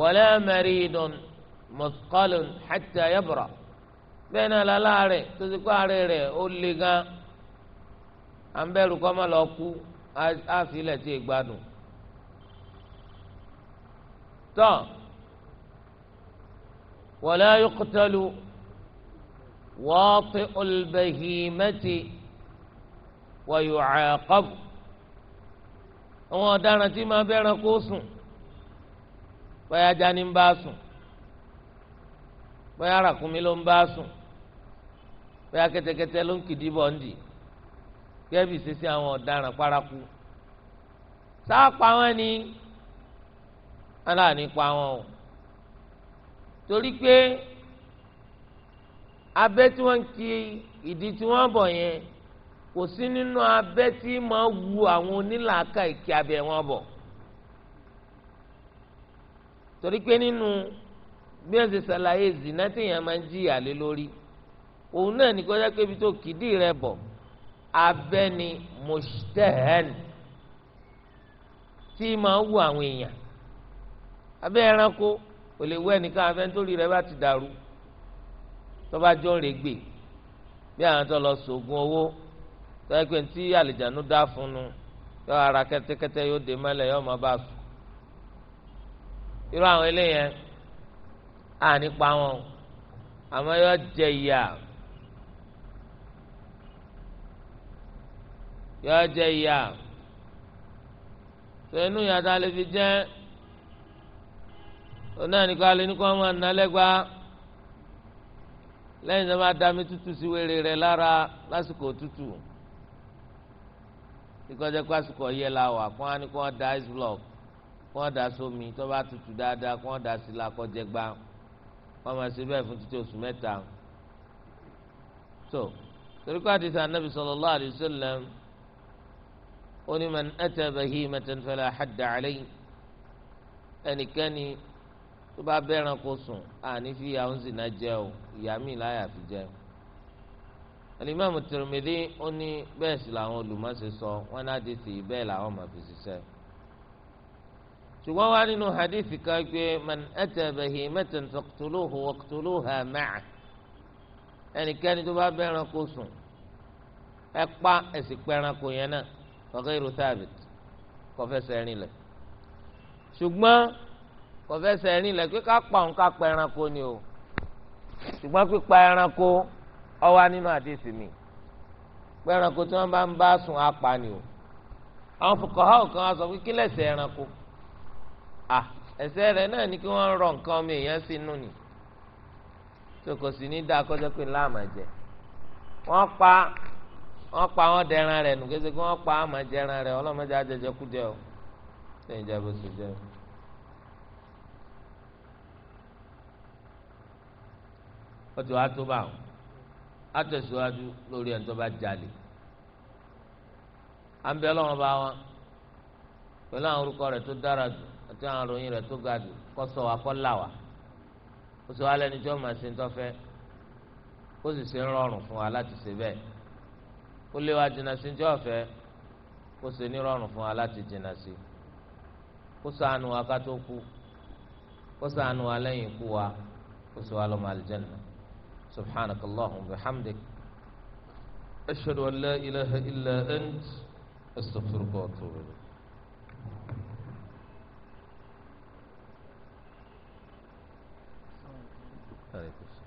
wala maridun mọ̀kọ́lùn hàtà yabra bẹ́ẹ̀ náà lálẹ́ tó ti kọ́ rẹ ó à ń bẹ̀rù kọ́ má lọ kú á fi ilẹ̀ tí ì gbádùn. tọ́ wala yuqtalu wati'ul bahimati wa yu'aqab àwọn ọ̀daràn tí máa bẹ́ẹ̀ ránkó sùn bóyá ajá ni ń bá sùn bóyá ràkúnmí ló ń bá sùn bóyá kẹ́tẹ́kẹ́tẹ́ ló ń kìdí bọ̀ ń dì gẹ́gẹ́ sisi ìṣesí àwọn ọ̀daràn paraku sáà pa wọ́n ni aláàní pa wọ́n o torí pé abẹ́ tí wọ́n ti ìdí tí wọ́n bọ̀ yẹn kò sí nínú abẹ́ tí máa wu àwọn onílàákà ìkí abẹ́ wọn bọ̀ torí pé nínú bí wọ́n ṣe ṣàlàyé zina máa ń jìyà lé lórí òun náà ní kọjá pé ibi tó kìdí rẹ̀ bọ̀ abẹ́ni mùsítẹ́hẹ́n tí máa wù àwọn èèyàn abẹ́ ẹranko kò lè wẹ́ nìkan abẹ́ nítorí rẹ bá ti dàrú tọ́ba jọ rè gbè bí àwọn tó lọ sògùn owó tọ́wọ́ pé tí àlìjánu dá fún un yọ ara kẹ́tẹ́kẹ́tẹ́ yóò dé mọ́lẹ̀ yọ ọmọ bá sùn irú àwọn eléyẹn ànípa wọn àmọ́ yọ jẹ ìyá. yọ jẹ ìyá sẹ́nu yàtọ̀ alẹ́ fi jẹ́ onáà ní ká lè ní kó ọmọ ànálẹ́gbá lẹ́yìn tó máa dami tútù sí wèrè rẹ̀ lára lásìkò tútù ìkọjá pásìkò yẹ la wà kó wọn ní kó wọn da ice block kó wọn da sómi tó bá tútù dáadáa kó wọn da sí la kó jẹ gbá wọn máa ṣe bẹ́ẹ̀ fún títí oṣù mẹ́ta so torí kó àdìsá anábì sallallahu alaihi wasallam onímọ̀ ẹ̀tẹ̀ bẹ̀hí mẹtẹ̀nfẹ̀lẹ̀ àhàdà àlẹ́yìn ẹnikẹ́ni tó bá bẹ́ẹ̀ràn kó sùn àní fi ìyá òun zìnà jẹ o ìyá mi láyà fi jẹ o. alimami Tirmidhi ó ní bẹ́ẹ̀ sì làwọn olùmọ̀ọ́sẹ̀ sọ wọn náà di sí bẹ́ẹ̀ làwọn máa fi ṣiṣẹ́. ṣùgbọ́n wá nínú hadith kan pé man ẹ̀tẹ̀ bẹ̀hí mẹtẹ̀nfẹ̀kùtùlùhù wọ̀kùtùlùhà máa ẹnikẹ́ni tó bá bẹ́ẹ̀ràn kó sùn ẹ pa ẹ̀sìn pẹ́ẹ̀ràn kó yẹn náà fagairu thabit kọfẹsẹ̀ rìn lẹ̀ ṣùgbọ́n kọfẹsẹ̀ rìn lẹ̀ pé ká pa òun ká pa ẹranko ni o ṣùgbọ́n pípa ẹranko ó wà nínú àdìsí mi pé ẹranko tí wọ́n bá ń bá sùn apá ni o àwọn fuqaha kan á sọ pé kí lẹ̀ṣẹ̀ ẹranko à ẹ̀ṣẹ̀ rẹ̀ náà ni kí wọ́n rọ nǹkan ọmọ èèyàn sínú ni tó kò sì ní dáa kọjá pé láàmà jẹ wọ́n pa wọ́n pa wọ́n dẹran rẹ̀ nù kése kí wọ́n pa àmà jẹran rẹ̀ ọlọ́mọdé ajẹjẹ kú jẹ o sẹ́yìn jẹ́ bó ṣe jẹ́ o. ó ti wá tó bá wọn á tẹ̀síwájú lórí ẹni tó bá jalè à ń bẹ ọlọ́wọ́n bá wọn pẹ̀lú àwọn orúkọ rẹ̀ tó dára jù àti àwọn àròyìn rẹ̀ tó ga jù kó ṣọ́ wa kó là wá ó sọ alẹ́ ni tí wọ́n máa ṣe ń tọ́fẹ́ ó sì ṣe ń rọrùn fún wa láti ṣe bẹ́ẹ̀ kó lé wa jìnnà sí tí ọ̀fẹ́ kó ṣe nírọ̀rùn fún wa láti jìnnà sí kó ṣàánú wa ká tó kú kó ṣàánú wa lẹ́yìn ikú wa kó ṣe wa lọ́mọ àlìjẹ́nà subhanaka allahumma wa bihamdik ashhadu an la ilaha illa ant astaghfiruka wa atubu ilayk. Thank you.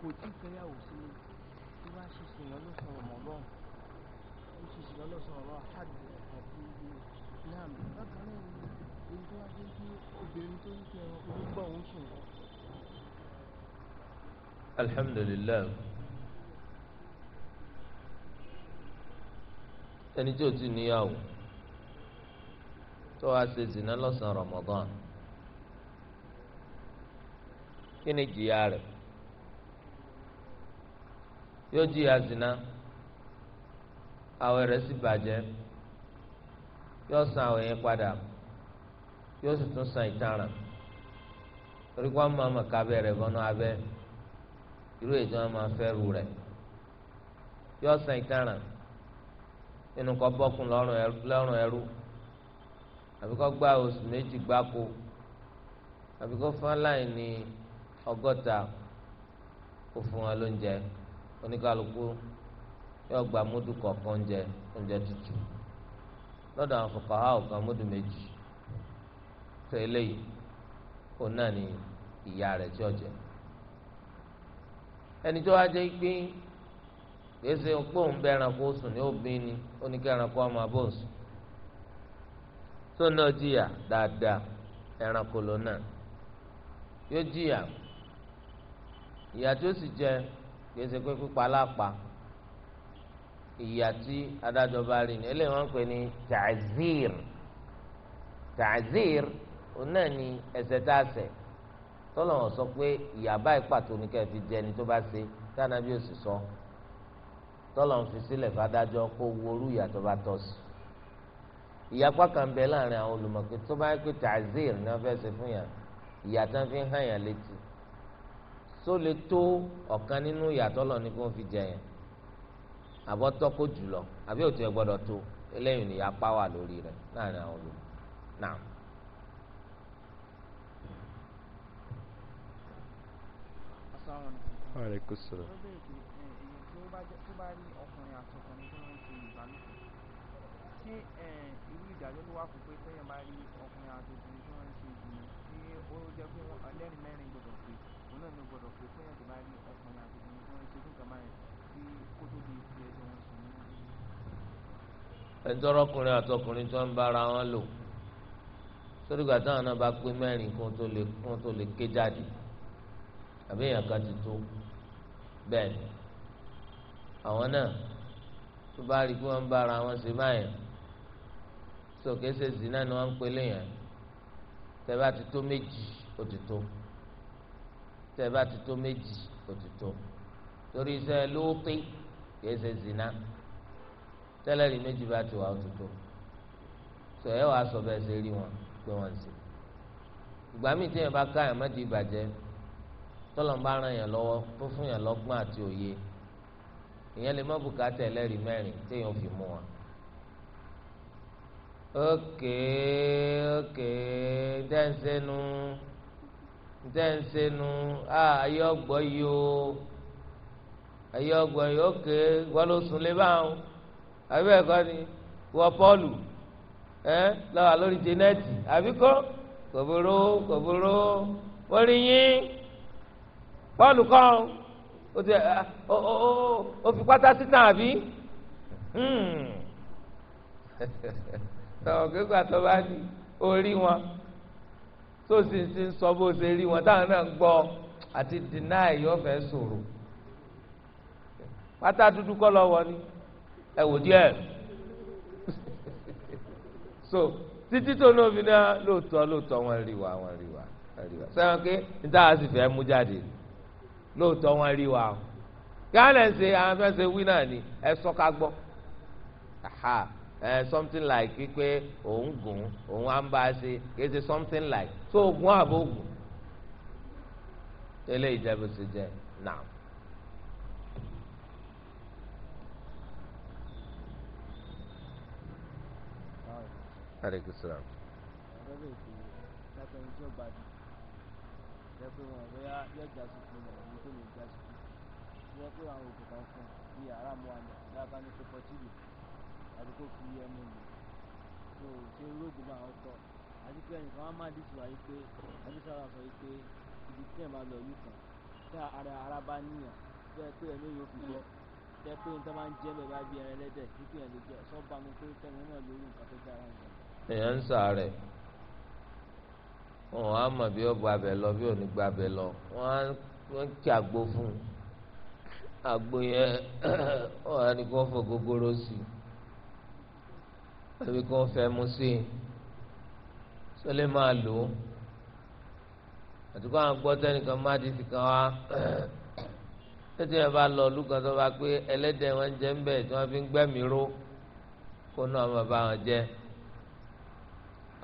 kò tí fẹ́yàwó sílé tí wá ṣe ṣìnà lọ́sàn ọmọlọ́run ó ṣe ṣìnà lọ́sàn ọ̀rọ̀ àti àti náà bákan náà èyí tó wá dé sí obìnrin tó ń fi ẹranko ló gbọ́ òun sùn lọ. alhamdulilayi ẹni tí ó ti níyàwó tó wá ṣe ṣìnà lọ́sàn Ramadan kí ni jìyà rẹ̀. yóò jìyà zina àwẹ̀ rẹ̀ sì bàjẹ́ yóò san àwẹ̀ yẹn padà yóò sì tún san ìtaràn torí kó àwọn máa ka abẹ́ rẹ̀ bọ́nú irú èyí tí máa fẹ́ ru rẹ̀ yóò san ìtaràn inú kọ ẹrú àbí gba oṣù méjì gbáko àbí kọ́ fún oníkàlùkù yóò gba módù kọ̀ọ̀kan oúnjẹ oúnjẹ tútù lọ́dọ̀ àwọn fòkàhà ọ̀kan módù méjì tó eléyìí náà ni ìyá rẹ̀ tí ó jẹ ẹni tó wá jẹ́ pé gbèsè òpóhùn bẹ ẹranko sùn ní ni oníkẹ́ ẹranko ọmọ abóhùn sùn tó náà jìyà dáadáa ẹranko yóò jìyà kìí ṣe pé pípa lápá ìyà tí adájọ́ bá rí ni eléyìí wọ́n ń pè ní tazir tazir òun náà ni ẹ̀ṣẹ̀ tá a ṣẹ̀ tọ́lọ̀ wọ́n sọ pé ìyà báyìí pàtó ni kẹ́ ẹ fi jẹ ẹni tó bá ṣe tí anábì ò sì sọ tọ́lọ̀ ń fi sílẹ̀ fàdájọ́ kó worú ìyà tó bá tọ́ sí ìyapa kan bẹ láàrin àwọn olùmọ̀pẹ́ tó bá yẹ pé tazir ni wọ́n fẹ́ ṣe fún yàn ìyà tán fi hàn yàn létí tó lè tó ọ̀kan nínú ìyàtọ̀ lọ ní kí wọ́n fi jẹ yẹn àbọ̀ tọ́kọ̀ jùlọ àbí òtún ẹ̀ gbọ́dọ̀ tó eléyìí nìyá páwà lórí rẹ̀ láàrin àwọn olùkọ́ náà. ṣé irú ìdájọ́ ló wà fún pé tẹ́yẹ̀ bá rí ọkùnrin àtọkùnrin tó ń ṣe ìgbìmọ̀ ṣé ó jẹ́ pé ẹlẹ́rìí mẹ́rin gbọ́dọ̀ náà ló gbọ́dọ̀ pé fún ẹ̀jẹ̀ bá rí ọkùnrin àti obìnrin tí wọ́n ṣe fún ìjọba yẹn tí kó tó di ti ẹsẹ̀ wọn sùn ní. ẹjọ́ ọkùnrin àti ọkùnrin tó ń bára wọn lò sórí ìgbà táwọn náà bá pé mẹ́rin kún tó lè ké jáde àbí èèyàn kan ti tó bẹ́ẹ̀ ni àwọn náà tó bá rí pé wọ́n ń bára wọn ṣe báyẹn sókè ṣe zina ni wọ́n ń pè léyìn tẹ́ bá ti tó méjì ó ti tó tẹ́ bá ti tó méjì òtítọ́ torí iṣẹ́ lóòpé kìí ṣe zina tẹ́lẹ̀rì méjì bá ti wà òtítọ́ sọ ẹ wàá sọ bẹ́ẹ̀ ṣe rí wọn pé wọ́n ṣe ìgbà míì tí yẹn bá ká yẹn mọ́tì ìbàjẹ́ tọ́lọ̀ ń bá ran yẹn lọ́wọ́ tó fún yẹn lọ́gbọ́n àti òye ìyẹn lè má bùkátà ẹlẹ́rìí mẹ́rin téèyàn fi mú wọn ókè ókè dẹ́nsẹ́nu. Okay, okay, ntẹ́nsẹ́nu ayé ọgbọ́ yìí o ayé ọgbọ́ yìí ókè wọ́n ló sùn lé báwọn àbí ẹ̀kọ́ ni wọ́n pọ́ọ̀lù ẹ́ lọ́wọ́ lórí jẹ́nẹ́ẹ̀tì àbí kọ́ kòbóró kòbóró wọ́n rí yín pọ́ọ̀lù kan ó ti ó ó ó fi pátá síta àbí hmm. tọ̀ kéka tó bá di orí wọn tó sì ń ti ń sọ bó ṣe rí wọn táwọn náà ń gbọ́ àti deny yóò fẹ́ sọ̀rọ̀ pátá dúdú kọ́ lọ́wọ́ ni ẹ wò díẹ̀ so títí tó náà fi náà lóòótọ́ lóòótọ́ wọn rí wa wọn rí wa wọn rí wa sẹ́wọ̀n pé níta a sì fẹ́ mú jáde lóòótọ́ wọn rí wa o kí á lè ṣe àwọn fẹ́ ṣe wí náà ni ẹ sọ ká gbọ́ aha ẹ eh, something like wípé òun gùn òun á ń bá a something like so ogun ààbò gùn tẹ́lẹ̀ ìjẹbù sì jẹ náà. aleykum àbí kó fi ẹmu lò tó ṣe rògbò bá àwọn tọ àti pé ẹnìkan wọn máa dìtò wáyé pé ẹni sára sọ yìí pé ibi tí ẹ̀ máa lọ yìí kan tá ara ara bá níyàn tó ẹ pé ẹ̀mí yóò fi gbọ́ tẹ pé níta máa ń jẹ́ bẹ́ẹ̀ bá bí ẹran ẹlẹ́dẹ̀ kíkì ẹ̀ lè jẹ́ sọ́ba mi pé tẹ̀mí náà lórí nǹkan tó dára nǹkan. èèyàn ń sà rẹ̀ wọn á mọ̀ bí ó gba abẹ lọ bí ò ní gba abẹ lọ wọn á ń kí àgbo fún un àgbo yẹn wọn á ní kó fọ gógóró sí i tàbí kí wọ́n fẹ́ mu sí i sọlẹ máa lò ó àtúkọ àwọn gbọ́dọ̀ nìkan má di sìkan wá tètè yẹn bá lọ lùkàn tó bá pé ẹlẹ́dẹ̀ wọn jẹ́ ń bẹ̀ tí wọ́n fi ń gbẹ́mìí ró kó náà wọn bá wọn jẹ́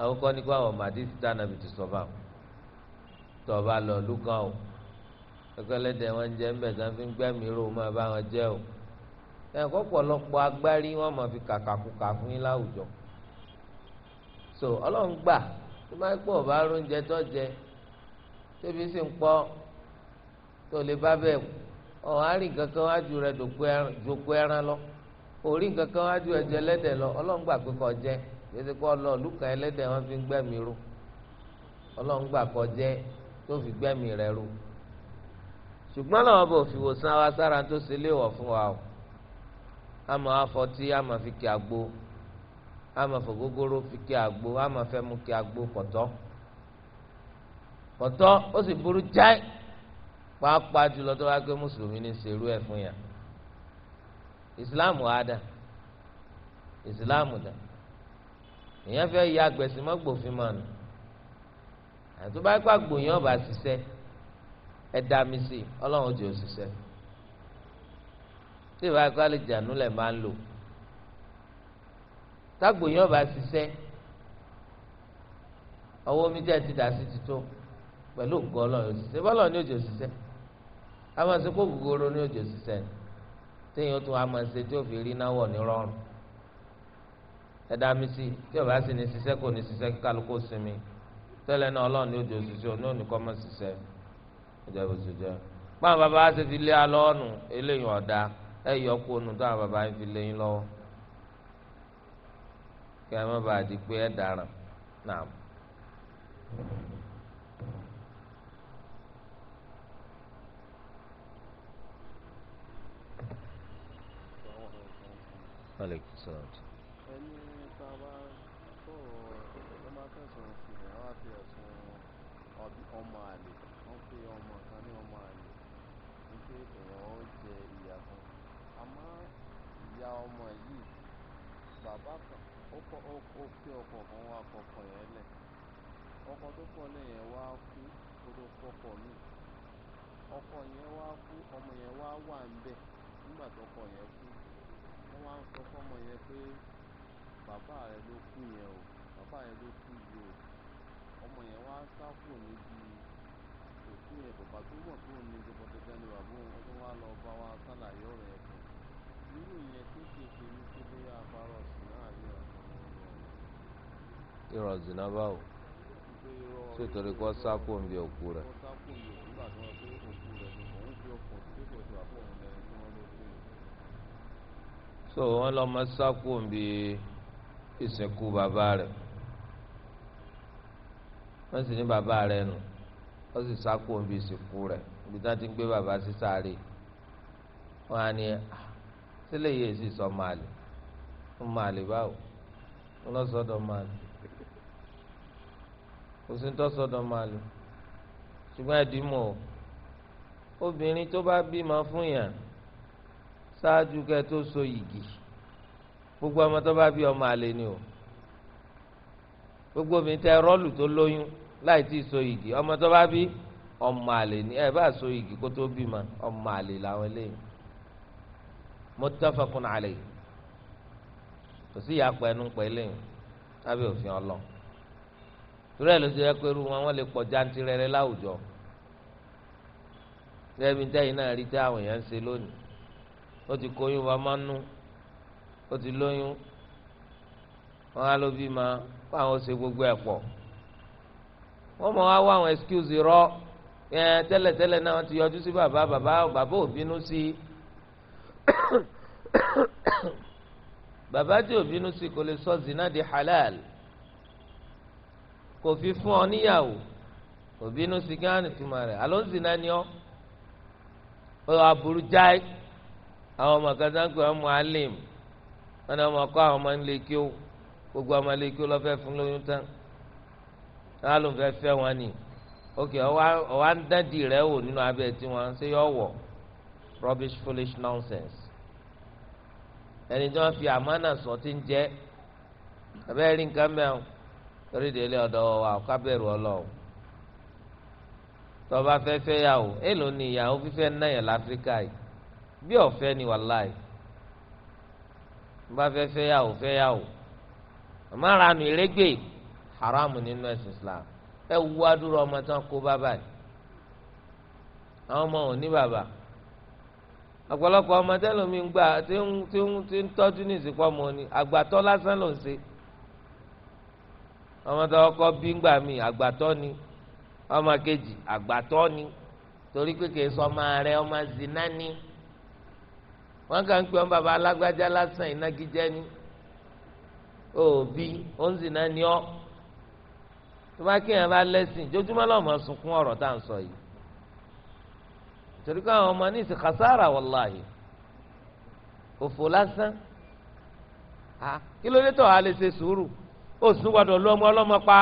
àwọn kọ́ ní kó àwọn màdí síta nàbì ti sọ báwọn tó bá lọ lùkàn o ẹ̀kọ́ ẹlẹ́dẹ̀ wọn jẹ́ ń bẹ̀ tí wọ́n fi ń gbẹ́mìí ró máa bá wọn jẹ́ o. ẹ̀kọ́ pọ̀lọpọ̀ agbárí wọn máa fi kàkàkùkà fún yín láwùjọ so ọlọ́run gbà tó bá pọ̀ bá róúnjẹ tó jẹ tóbi sì ń pọ́ tó lè bá bẹ́ẹ̀ ọ̀hún á rí nǹkan kan rẹ̀ ẹran lọ orí nǹkan kan lọ ọlọ́run gbà pé kó jẹ gbèsè kọ́ ẹlẹ́dẹ̀ wọn fi ń gbẹ́mìí ru ọlọ́run gbà jẹ tó fi fún wa o. àmọ́ afọtí àmọ́ fi kí agbo àmọ́ fògógóró fi kí agbo àmọ́ fẹ́ mú kí agbo kọ̀tọ́ kọ̀tọ́ ó sì burú jáì pàápàá jùlọ tó bá gbé mùsùlùmí ní serú ẹ̀ fún yà ìsìláàmù á dà ìsìláàmù dà èèyàn fẹ́ ya agbẹ̀sìmọ́gbòfin nù àti tó bá gbàgbọ́ yẹn ọba ṣiṣẹ́ ẹ̀ dá tí ìbá ẹ̀kọ́ àlìjànú lẹ̀ máa ń lò tágbò yín ọba ṣiṣẹ́ ọwọ́ omi jẹ́ ti dà sí ti tó pẹ̀lú ògùn ọlọ́run òṣìṣẹ́ bọ́lọ̀ ní òjò ṣiṣẹ́ a máa ṣe kó gbogbooro ní òjò ṣiṣẹ́ ni téèyàn tún a máa ṣe tí ó fi rí náwó ní rọrùn ẹ̀dá mi sí tí ọba sì ní ṣiṣẹ́ kò ní ṣiṣẹ́ kálukú sinmi tẹ́lẹ̀ náà ọlọ́run ní òjò ṣiṣẹ́ òní òní kọ́ máa ṣiṣẹ́ ìjọba òṣìṣẹ́ pàmò bàbá wa ṣe fi lé alọ́ eléyìí ọ̀dà ẹ yọ kó nu tó àwọn bàbá yín fi léyìn lọ́wọ́ kí ẹ di pé ẹ náà. ọmọ yìí bàbá kan ó kọ ó fi ọkọ kan wá ọkọ yẹn lẹ ọkọ tó kọ lẹ́yìn wá kú kó ọkọ yẹn wá kú ọmọ yẹn wá wà nígbà tó yẹn kú wọn wá ń sọ fọmọ yẹn pé bàbá rẹ ló o bàbá yẹn ló kú yìí o ọmọ yẹn wá sá kù níbi òkú yẹn bàbá tó tó ní bàbá òun ó tún wá lọ bá wa irọ́ zina báwo ṣé torí kọ́ sápò ń bí òkú rẹ̀. so wọn lọ mọ sápò ń bí ìsìnkú bàbá rẹ̀ wọn sì ní bàbá rẹ̀ nù wọn sì sápò ń bí ìsìnkú rẹ̀ ibi tí wọn ti ń gbé bàbá sí sáré wọn á ní. Ah, sílẹ̀ yìí èsì sọ màálì ó màálì báwo ó lọ sọ́dọ̀ màálì kò sí tó sọ́dọ̀ màálì ṣùgbọ́n ẹ̀dínmọ̀ o obìnrin tó bá bímọ fún yàn ṣáájú kẹ tó so yìgì gbogbo ọmọ tó bá bí ọmọ àlè ni o gbogbo obìnrin tẹ rọ́ọ̀lù tó lóyún láì tí so yìgì ọmọ tó bá bí ọmọ àlè ni ẹ bá so yìgì kó tó bímọ ọmọ àlè làwọn eléyìí muttafaqun alayhi kò sí ìyàpọ̀ ẹnu pẹ̀lẹ́ yìí lábẹ́ òfin ọlọ́ torí ẹ̀ ló ti yẹ pé irú wọn wọ́n lè pọ̀ jantirẹrẹ láwùjọ lẹ́bi tẹ́yìn náà rí tẹ́ àwọn èèyàn ń ṣe lónìí ó ti kóyún wa máa ń nú ó ti lóyún wọn á ló bí ma kó àwọn ṣe gbogbo ẹ̀ pọ̀ wọ́n mọ̀ wá wá àwọn excuse rọ ẹ̀ tẹ́lẹ̀tẹ́lẹ̀ náà wọ́n ti yọjú sí bàbá bàbá bàbá ò sí i bàbá tí ò bínú sí kò lè sọ zina di halal kò fi fún ọ níyàwó kò bínú sí kí wọn tuma rẹ àló ń zina ni ọ ọ aburú jáì àwọn ọmọ kan sáà ń alim wọn ni ọmọ kọ àwọn ọmọ ń lè kí ó gbogbo ọmọ lè kí ó lọ fún lóyún tán náà ló wọn ni ok ọwọ à ń dán di rẹ wò nínú abẹ tí wọn ṣe yọ wọ rubbish foolish nonsense ẹni tí wọ́n fi àmánà sọ ti ń jẹ́ abẹ́rẹ́ rí nǹkan mẹ́rin torí délé ọ̀dọ̀ wa ká bẹ̀rù ọlọ́run tọba fẹ́ fẹ́ yàwó èèlò ni ìyàwó fífẹ́ náyà láfíríkà yìí bí ọ̀fẹ́ ni wàláì tọba fẹ́ fẹ́ yàwó fẹ́ yàwó àmọ́ ara nu ìrẹ́gbẹ́ haram nínú ẹ̀sìn Islam ẹ wú adúrú ọmọ tán kó bábà yìí àwọn ọmọ ò ní bàbá ọ̀pọ̀lọpọ̀ ọmọ tẹ́lómi ń gbà tí ń tí ń tí ń tọ́jú ní ìsìnkú ọmọ ni àgbàtọ́ lásán ló ń ṣe ọmọ tó kọ́ bí ń gbà mí àgbàtọ́ ni ọmọ kejì àgbàtọ́ ni torí pé kìí sọ ọmọ rẹ ọmọ zina ni wọn kàn ń pè ọmọ bàbá alágbájá lásán ìnagijẹ ni òbí ó ń zina ni ọ tó bá kéèyàn bá lẹ́sìn jójúmọ́ lọ́mọ sunkún ọ̀rọ̀ tá à ń sọ yìí torí pé àwọn ọmọ níìsì kàsára wàláhì òfò lásán kí ló dé tó a lè ṣe sùúrù ó sùn gbọ́dọ̀ lu ọmọ ọlọ́mọ pa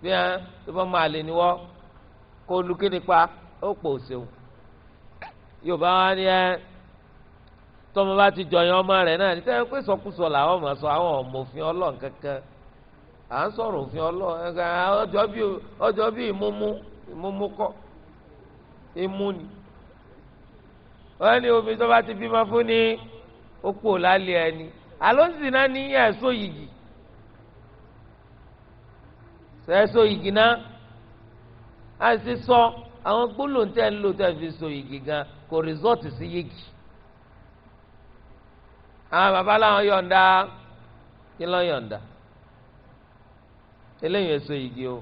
bí wọn tó bá máa lè níwọ kó lu kíni pa ó pò ṣeun yorùbá wa ni ẹ tọmọ bá ti jọyàn ọmọ rẹ náà níta ẹ pé sọkúsọ làwọn ọmọ sọ àwọn ọmọ òfin Ọlọ́run kankan à ń sọ̀rọ̀ òfin Ọlọ́run ọjọ́ bíi ìmúmú ìmúmú kọ́ emu ni wọ́n ní obìnrin tó bá ti bímọ fún ni ó kú lálẹ́ ẹni àlóńsì náà ní ẹ̀sọ́ yìgì ẹ̀sọ́ yìgì náà á sì sọ àwọn gbólóhùn tẹ́ ń lò fi sọ yìgì gan kò rìsọ́ọ̀tì sí yìgì àwọn bàbá làwọn yọ̀ǹda kí lọ́ yọ̀ǹda eléyìí ẹ̀sọ́ yìgì o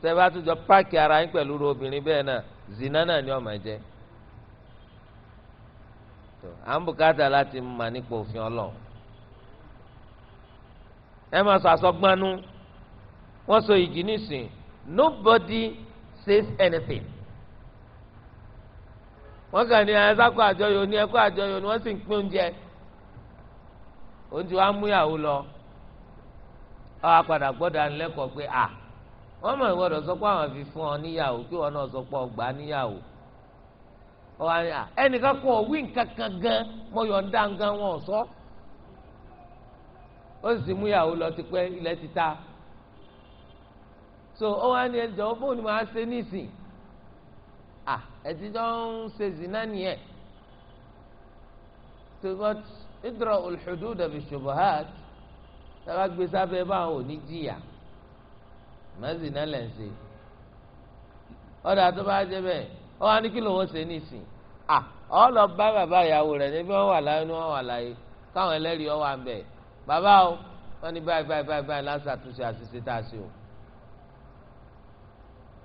tẹ́ bá tún jọ páàkì ara yín pẹ̀lú obìnrin bẹ́ẹ̀ náà zina náà ni ó máa jẹ́ tó à ń bùkátà láti mà nípa òfin Ọlọ́run ẹ máa sọ àsọgbánú wọ́n sọ ìjì nísìn nobody says anything wọ́n kàn ní ẹsákò àjọyọ̀ ní ẹkọ àjọyọ̀ ni wọ́n sì ń pín oúnjẹ oúnjẹ wa mú ìyàwó lọ ọ apàdà gbọ́dọ̀ ànilẹkọọ pé à. Ah, wọ́n mọ̀ ìwọ́dọ̀ sọ pé àwọn fi fún ọ níyàwó kí wọ́n náà sọ pé ọgbà níyàwó ẹnìkan kọ òwì nkankan gan mọ yọ̀ǹda gan wọn sọ ó sì mú ìyàwó lọ ti pẹ́ ilẹ̀ so ó wá ní ẹjọ́ bóun ni màá ṣe nísìn à ẹtijọ́ ń ṣe zina nìyẹn tó bá idra'ul hudud bi shubuhat tá a bá gbé sábẹ́ báwọn ò ní jìyà mẹ́sì náà lẹ̀ ń ṣe ọ̀dà tó bá jẹ́ bẹ́ẹ̀ ọ wá ní kí lòun ṣe nísìn à ọ lọ bá bàbá ìyàwó rẹ̀ níbi wọn wà láyé ni wọn wà láyé káwọn ẹlẹ́rìí ọ wà ń bẹ̀ bàbá o wọn ní báyìí báyìí báyìí báyìí láti àtúnṣe àṣìṣe tá a ṣe o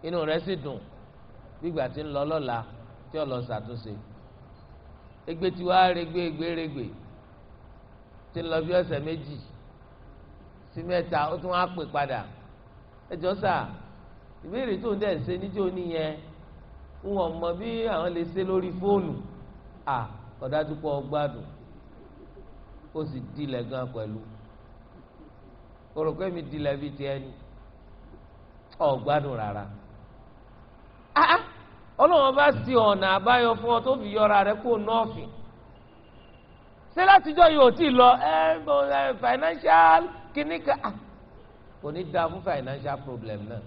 inú rẹ̀ sì dùn gbígbà tí ń lọ lọ́la tí ọ lọ ṣàtúnṣe egbe tí wàá regbe egbe regbe tí ń lọ bí ọ̀sẹ̀ méjì sí mẹ́ta ó tún wá pè padà ẹjọ́ sà ìbéèrè tó ń dẹ̀ ṣe níjó nìyẹn ń wọ̀n mọ bí àwọn lè ṣe lórí fóònù à ọ̀dájú pọ̀ gbádùn ó sì dilẹ̀ gan pẹ̀lú kòròkó mi dilẹ̀ bíi tiẹ̀ ni ọ̀ gbádùn rárá ọlọ́wọ́n bá sí ọ̀nà àbáyọ fún ọ tó fi yọra rẹ kó nọ́ọ̀fì ṣé látijọ́ yìí ò tí ì lọ ẹ financial kìnnìkan kò ní dáa fún financial problem náà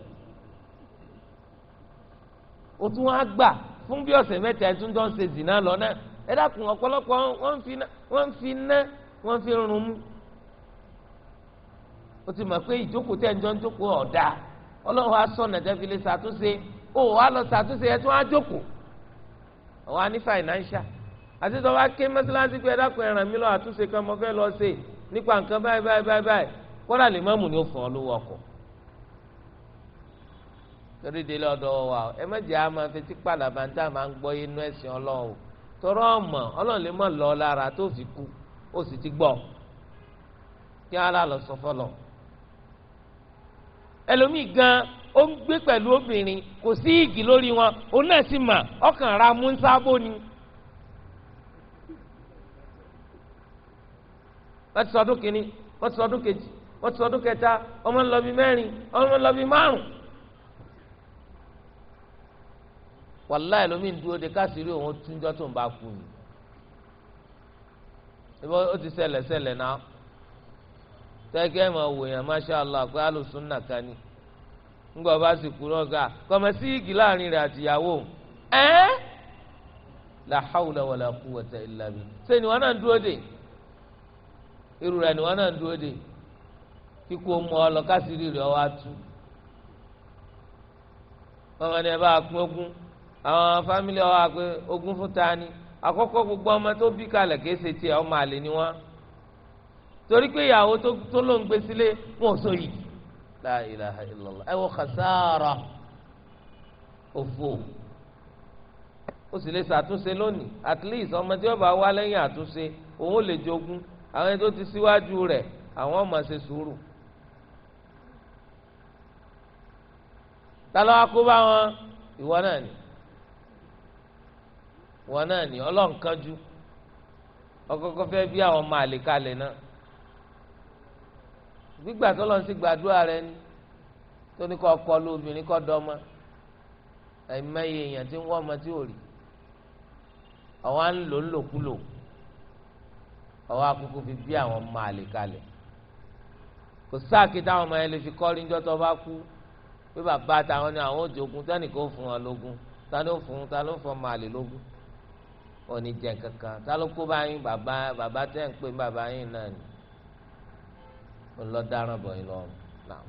o tún wá gbà fún bí ọ̀sẹ̀ mẹ́ta ẹ̀ tún jọ ń ṣe zìnnà lọ náà ẹ dákun ọ̀pọ̀lọpọ̀ wọ́n ń fi ná wọ́n fi rún mú o ti mọ̀ pé ìjókòó tẹ̀ ń jọ ń jókòó ọ̀dà ọlọ́run á sọ̀nà tẹ́fi lè ṣàtúnṣe o wá lọ ṣàtúnṣe ẹ̀ tún á jókòó ọ̀wá ní financial àti tó bá ké mọ́sálásí pé ẹ dákun ẹ ràn mí lọ àtúnṣe kan mo fẹ́ lọ ṣe nípa nǹkan báyìí báyìí báyìí kódà lè má mú ni ó fún ọ lówó ọkọ̀ torí délé ọ̀dọ̀ wa ẹ má jẹ́ àmọ́ fetí pàlàbà ń tà máa ń gbọ́ inú ẹ̀sìn o tọrọ ọmọ ọlọ́run lè má lọ lára tó fi kú ó sì ti gbọ́ kí ara lọ sọ fọlọ ẹlòmíì gan ó ń gbé pẹ̀lú obìnrin kò sí igi lórí wọn òun náà sì mà ọkàn ra múnsábó ni. wọ́n ti sọ ọdún kìíní wọ́n ti sọ ọdún kejì wọ́n ti sọdún kẹta ọmọ ń lọ bí mẹ́rin ọmọ ń lọ bí márùn. wàláì lómi ń dúró de òun tó ń bá kú ni ibo ó ti ṣẹlẹ̀ ṣẹlẹ̀ náà tẹ́gẹ́ mọ̀ wòyàn masha pé alùsùn nàka ni ńgbọ́ bá sì kú náà ga sí igi láàrin rẹ̀ àtìyàwó ẹ́ la hawla wala quwwata illa ṣé ni náà ń dúró de irú rẹ̀ ni náà kíkú ọmọ ọ lọ kásìrì rẹ wá tú ọmọ ní ẹ bá pín ogún àwọn fámìlì ọ wá pé ogún fún ta ni àkọ́kọ́ gbogbo ọmọ tó bí kalẹ̀ kìí ṣe tiẹ̀ ọmọ àlè ni wọ́n torí pé ìyàwó tó ló ń gbé sílé wọn ò sóyè la ilaha illallah ẹ wọ kàsáàrà òfò ó sì lè ṣàtúnṣe lónìí at least ọmọ tí wọ́n bá wá lẹ́yìn àtúnṣe òun ò lè jogún àwọn ẹni tó ti síwájú rẹ̀ àwọn ọmọ ṣe sùúrù. tálọ́ akó bá wọn ìwọ náà ni ìwọ náà ni ọlọ́nkánjú ọkọ̀ọ̀kọ̀ fẹ́ bí àwọn ọmọ àlèkalẹ̀ náà gbígbà tó lọ́n sí gbàdúrà rẹ ni tó ní kọ́ kọlu obìnrin kọ́ dọ́mọ ẹ̀mẹ́yẹ èèyàn tí ń wọ́n ọmọ tí ò rí àwọn à ń lò ń lòkulò àwọn akókò fi bí àwọn ọmọ àlèkalẹ̀ kò sáà kí táwọn ọmọ yẹn lè fi kọ́ rí níjọ́ tó bá kú pé bàbá táwọn ni àwọn òjògùn tánìkan ó fún wọn lógún tani ó fún ta ló fún ọmọ àlè lógún òní jẹ kankan ta ló kó báyìí bàbá bàbá tẹ̀ ń pè bàbá yìí náà ni ọlọ́daràn bọ̀ yín lọ́rùn náà.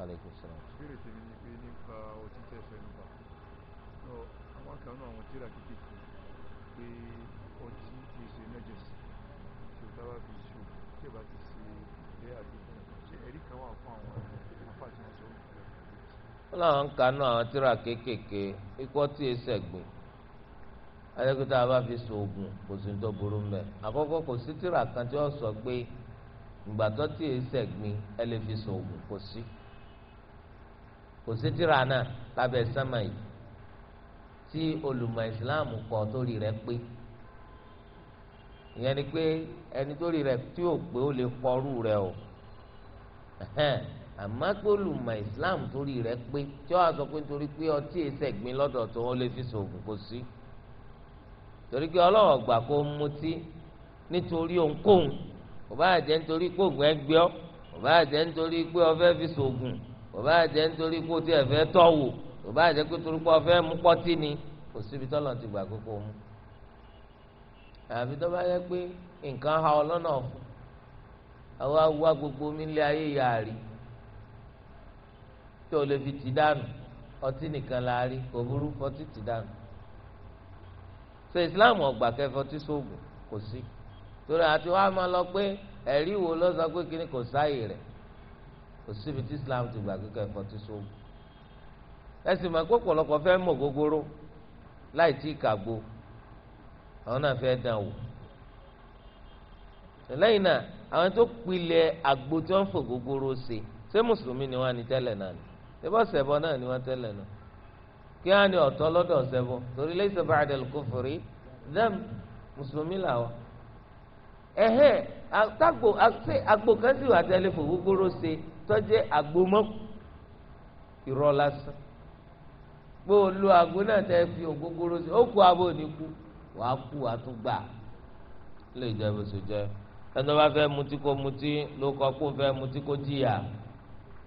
aleykum salaam. ni pé nípa òtítẹ́ ìfẹ́ nípa àwọn kan náà àwọn tíra kí. ọlọ́run kanú àwọn tíra kéékèèké ikọ́ tí e sẹ̀gbìn ayẹ́kútà bá fi sòògùn kò sí tó burú mẹ́ àkọ́kọ́ kò sí tíra kan tí ó sọ pé ìgbàtọ́ tí e sẹ̀gbìn ẹ lè fi sòògùn kò sí kò sí tíra náà lábẹ́ sánmà yìí tí olùmọ̀ ìsìláàmù pé ìyẹn ni pé ẹni torí rẹ tí ò pé ó lè àmọ́ pé olùmọ̀ islam torí rẹ̀ pé tí wọ́n á sọ pé torí pé ọtí ìṣègbín lọ́dọ̀ tó wọ́n lè fi ṣoògùn kò sí torí pé ọlọ́wọ́ gbà kó mutí nítorí ohunkóhun kò bá jẹ́ nítorí pé oògùn ẹ gbé ọ́ kò bá jẹ́ nítorí pé o fẹ́ fi ṣoògùn kò bá jẹ́ nítorí pé o ti ẹ̀fẹ́ tọ̀wò kò bá jẹ́ pé torí pé o fẹ́ mú pọ́tí ni kò síbi tọ́lọ̀ ti gbà kókó mu àfi tó bá yẹ pé nǹkan ha ọlọ́nà ọ̀fọ̀ tí o lè fi tì dànù ọtí nìkan la rí kò burú fọtí tì dànù so islam ọgbà kẹfọtí sóògùn kò sí torí àti wàá máa lọ pé ẹ̀rí wo ló sọ pé kíni kò sáàyè rẹ̀ kò síbi tí islam ti gbà kíkọ ẹ̀fọtí sóògùn ẹ sì mọ̀ pé ọ̀pọ̀lọpọ̀ fẹ́ mọ̀ gógóró láì tí kàgbo àwọn náà fẹ́ dàn wò lẹ́yìn náà àwọn tó pilẹ̀ àgbo tí wọ́n fò gógóró ṣe ṣé mùsùlùmí ni wọ́n á ní tẹ́lẹ̀ náà ni ṣẹbọ ṣẹbọ náà ni wọ́n tẹ́lẹ̀ nù kí á ní ọ̀tọ̀ lọ́dọ̀ ṣẹbọ torí laysa ba'da al-kufri dẹ́m mùsùlùmí làwọn ẹ̀hẹ́ àtàgbò àti àgbò kan sì wà tẹ́lẹ̀ fò gbogbooro ṣe tọ́jẹ́ àgbò mọ́ irọ́ lásán pé o lo àgbo náà tẹ́ fi ògógóró ṣe ó kú abo ní kú wàá kú wàá tún gbà lè jẹ́ bó ṣe jẹ́ ẹni tó bá fẹ́ mutí kó mutí ló kọ́ kó fẹ́ mutí kó jìyà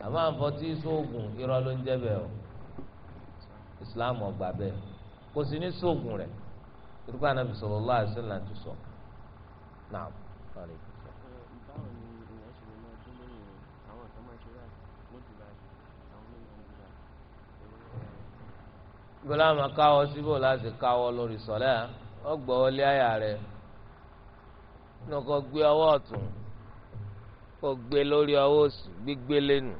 àmọ́ àǹfọ̀tí sóògùn irọ́ ló ń jẹ́ bẹ́ẹ̀ o islam ọgbà bẹ́ẹ̀ kò sí ní sóògùn rẹ̀ irúgbà Ànábì sallallahu alaihi na ti sọ náà lọ́rẹ́. gbọ́dọ̀ àmọ́ káwọ́ síbò láti káwọ́ lórí sọ̀lẹ́ ọgbọ́ ọlé àyà rẹ̀ nínú gbé ọwọ́ ọ̀tún gbé lórí ọwọ́ òsì gbígbé lẹ́nu.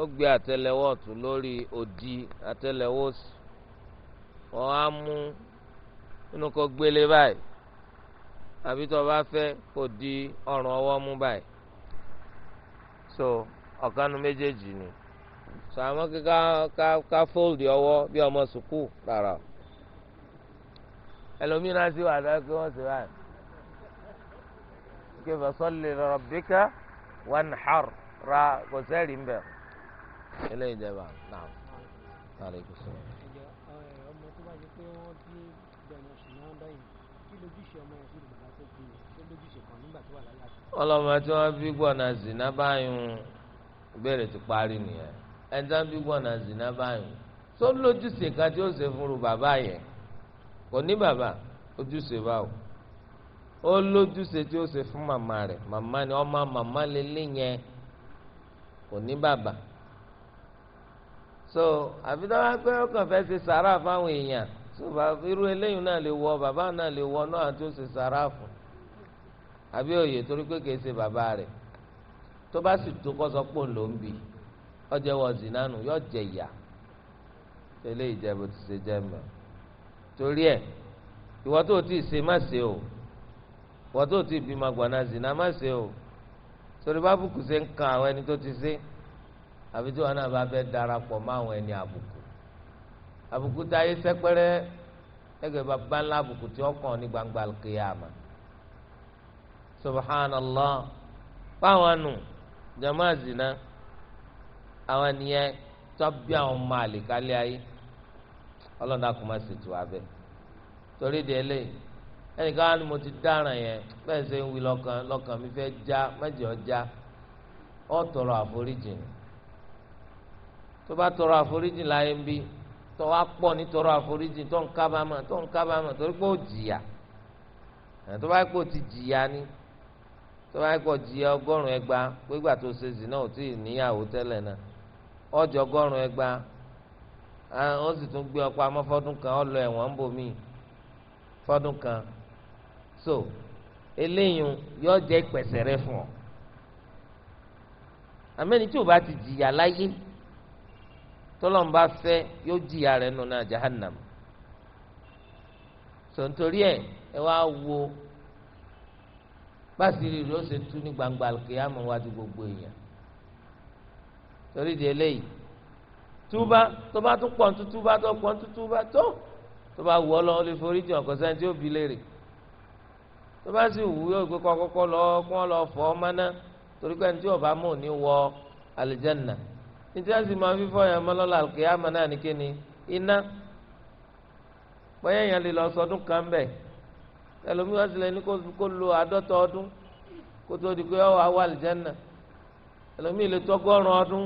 ó gbé àtẹ́lẹwọ́ ọ̀tún lórí òdì àtẹ́lẹwọ́ òsì wọn á mú inú kó gbélé báyìí àbí tó bá fẹ́ kó di ọrùn ọwọ́ mú báyìí so ọ̀kanu méjèèjì ni so àmọ́ ká ká ká fóòlì ọwọ́ bí ọmọ sùkúù rárá ẹlòmíràn sì wà dáa pé wọ́n sì wà kí fasalli li rabbika wanhar ra kò sẹ́ẹ̀rì ń bẹ̀rù. eléyìí dẹ́ba náà sáré kò bí bí ọlọ́mọ tí wọ́n bí zina báyìí ti parí nìyẹn ẹni tí wọ́n bí zina báyìí tó lójúṣe kan tí ó ṣe fún ru bàbá yẹn kò ní bàbá ojúṣe ó lójúṣe tí ó ni ọmọ eh. so àfi tó wá pé ọkàn fẹ́ ṣe sàrà fáwọn èèyàn so irú eléyìí náà lè wọ bàbá náà lè wọ náà tó ṣe sàrà fún àbí òye torí pé kìí ṣe bàbá rẹ̀ tó bá sì tó kọ́ sọ pé òun ló ń bì ọjọ́ wọ zinanu yóò jẹ ìyà tẹ́lẹ̀ ìjẹ́bù ti ṣe jẹ́ mọ́ torí ẹ̀ ìwọ tó ti ṣe má ṣe o ìwọ tó ti bímọ gbọ̀nà zina má ṣe o torí bá bùkù ṣe ń kan àwọn ẹni tó ti ṣe. àbí tí wọn náà bá fẹ́ darapọ̀ mọ́ àwọn ẹni àbùkù àbùkù tá a yé sẹ́pẹ́rẹ́ ẹgbẹ́ bàbá ńlá àbùkù tí wọ́n kàn ní gbangba kéèyàmà subhanallah fáwọn nù jama zina àwọn nìyẹn tọ́bí àwọn ọmọ àlìkálẹ̀ ayé ọlọ́dà kò má ṣètò torí délé ẹnìkan wà ní mo ti dáràn yẹn bẹ́ẹ̀ ṣe ń lọ́kàn lọ́kàn mi fẹ́ já mẹ́jọ já ọ̀ tọrọ àforíjì ni. tó bá tọrọ àforíjì láyé ń bí tó wá pọ̀ nítorọ àforíjì tó ń kábàámà tó ń kábàámà torí pé ó jìyà tó bá pọ̀ ti jìyà ni tó bá pọ̀ jìyà ọgọ́rùn-ún ẹgbàá pé ìgbà tó ṣe zì náà ò tí níyàwó tẹ́lẹ̀ náà ọjọ́ ọgọ́rùn-ún ó sì tún gbé ọkọ amọ́ fọ́dún kan ó lọ ẹ̀wọ̀n ń bomi fọ́dún kan so eléyìí yóò jẹ́ ìpẹ̀sẹ̀ rẹ fún ọ àmẹ́ni tí ò bá ti jìyà láyé tọ́lọ́n bá fẹ́ yóò jìyà rẹ̀ nù náà jahannam sọ̀ntorí ẹ̀ ẹ wá wo báṣìrì rẹ̀ ó ṣe tú ní gbangba kìyàmù wájú gbogbo èèyàn torí di eléyìí túbá tó bá tún pọ̀ tó túbá tó pọ̀ tó túbá tó tó bá wù ọ́ lọ ó lè forí jìn ọ̀kọ́ sẹ́ni ó bi léèrè tó bá sì wù yóò gbé kọ́kọ́ lọ kó wọ́n lọ fọ́ ọ́ mọ́ná torí pé ẹni tí mọ̀ ní wọ àlùjánnà nítorí àti máa fífọ yẹn mọ lọ́la àlùkìyàmọ náà ní kíni iná bọ́yá yẹn lè lọ sọdún kan bẹ̀ ẹlòmíì wá sílẹ̀ ní kó lo àádọ́ta ọdún kó tó di pé ọ̀ wá wà lìjẹ́nà ẹlòmíì lè tọ́gọ́rùn ọdún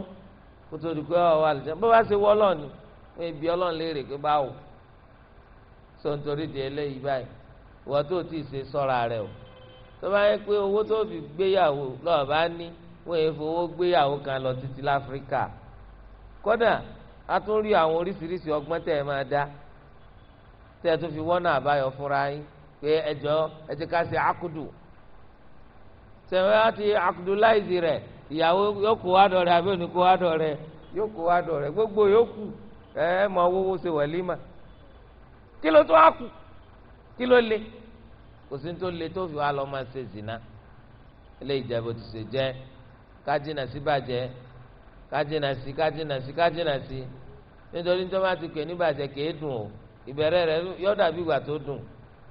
kó tó di pé ọ̀ wà lìjẹ́nà bó bá ṣe wọ́ ọlọ́ọ̀ni wọ́n ibi ọlọ́ọ̀ni léèrè pé báwo sọ nítorí di eléyìí báyìí ìwọ́n tó ti ṣe sọ́ra rẹ̀ o tó bá yẹ pé owó tó fi gbéyàwó lọ́ọ̀ bá ní wọ́n yẹn fowó gbéyàwó kan lọ títí láfíríkà kọ́dà a tún rí àwọn oríṣiríṣi ọgbọ́n tẹ̀ dá fi wọ́nà àbáyọ fúnra yín pé ẹjọ́ ẹ ká ṣe akudu tẹ̀wé àti láìsí rẹ̀ ìyàwó yóò kó gbogbo yóò kù ẹ mọ owó ṣe kí ló tó kù kí ló le kò sí ní tó kájínà sí bàjẹ́ kájínà sí kájínà sí kájínà sí nítorí tó bá ti pè ní bàjẹ́ kìí dùn o ìbẹ̀rẹ̀ rẹ̀ yọ dàbí ìgbà tó dùn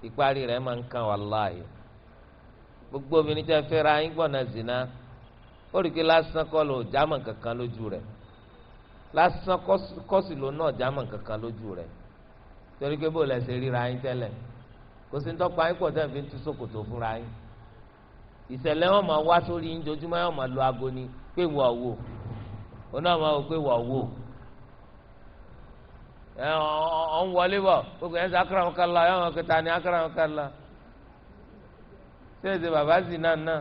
ìparí rẹ̀ máa ń kan wàláhì gbogbo obìnrin tẹ́ fẹ́ yín gbọ̀nà zina ó rí i pé lásán kọ́ ló jámọ̀ kankan lójú rẹ̀ lásán kọ́sì ló náà kankan lójú rẹ̀ torí pé bó lẹ̀ ṣe ríra yín ìṣẹ̀lẹ̀ wọn máa wá sórí ojoojúmọ́ yóò máa lo aago ni pé wọ́ọ̀ wò ó náà máa wò pé wọ́ọ̀ wò ẹ ọ ń wọlé bọ̀ gbogbo ẹ̀ ń sọ akérèmọ kala ẹ̀ wọn kẹta ni akérèmọ kala ṣèṣe bàbá sì náà náà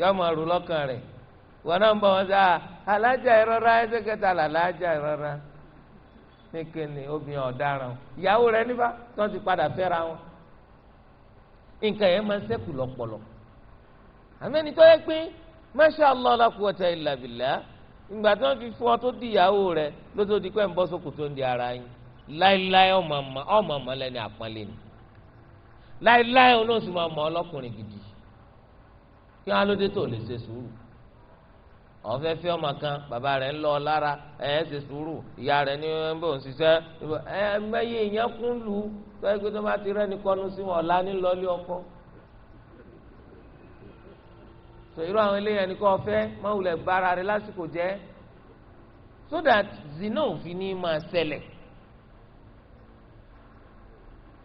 yóò máa rò lọ́kàn rẹ̀ wọn náà ń bọ̀ wọn sọ alájà ìrora ẹsẹ̀ kẹta là alájà ìrora nìkéne obìnrin ọ̀daràn ìyàwó rẹ̀ níbà tí wọ́n ti padà fẹ́ra wọn nǹkan yẹn máa ń ṣẹ́kù lọ́pọ̀lọpọ̀ àmẹ́ni tó yẹ pé masha Allah la quwwata illa billah ìgbà tí wọ́n fi fún ọ tó di ìyàwó rẹ ló tó di pé ń bọ́ sókòtò ń di ara yín láéláé ọmọ ọmọ lẹ́ni àpọ́nlé ni láéláé olóòsì máa mọ ọlọ́kùnrin gidi kí wọ́n á lóde tó lè ṣe sùúrù ọ̀n fẹ́ fẹ́ ọmọ kan bàbá rẹ̀ ń lọ lára ẹ̀ ẹ́ ṣe sùúrù ìyá rẹ̀ ní bò ń ṣiṣẹ́ ẹ̀ mẹ́yẹ ìyẹn kún lù ú tó yẹ tó bá ti rẹ́ni kọ́nu sí wọn ọ̀la nílọ́ọ̀lẹ́ ọkọ so irú àwọn eléyàn ni kò fẹ́ má wulẹ̀ bára rẹ lásìkò jẹ́ so that zina òfin ní máa ṣẹlẹ̀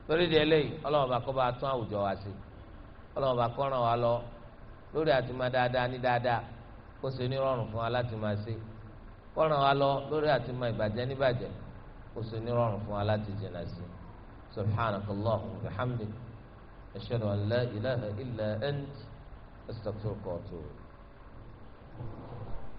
torí di eléyìí ọlọ́run bá kọ́ bá tún àwùjọ wa sí ọlọ́run bá kọ́ ràn wá lọ lórí àti máa dáadáa ní dáadáa kó ṣe ní rọrùn fún wa láti máa ṣe kọ́ ràn wá lọ lórí àti máa ní bàjẹ́ kó ṣe ní rọrùn fún wa láti jìnnà sí subhanakallahu wa bihamdik ashhadu an la ilaha illa ant astaghfiruka wa atubu.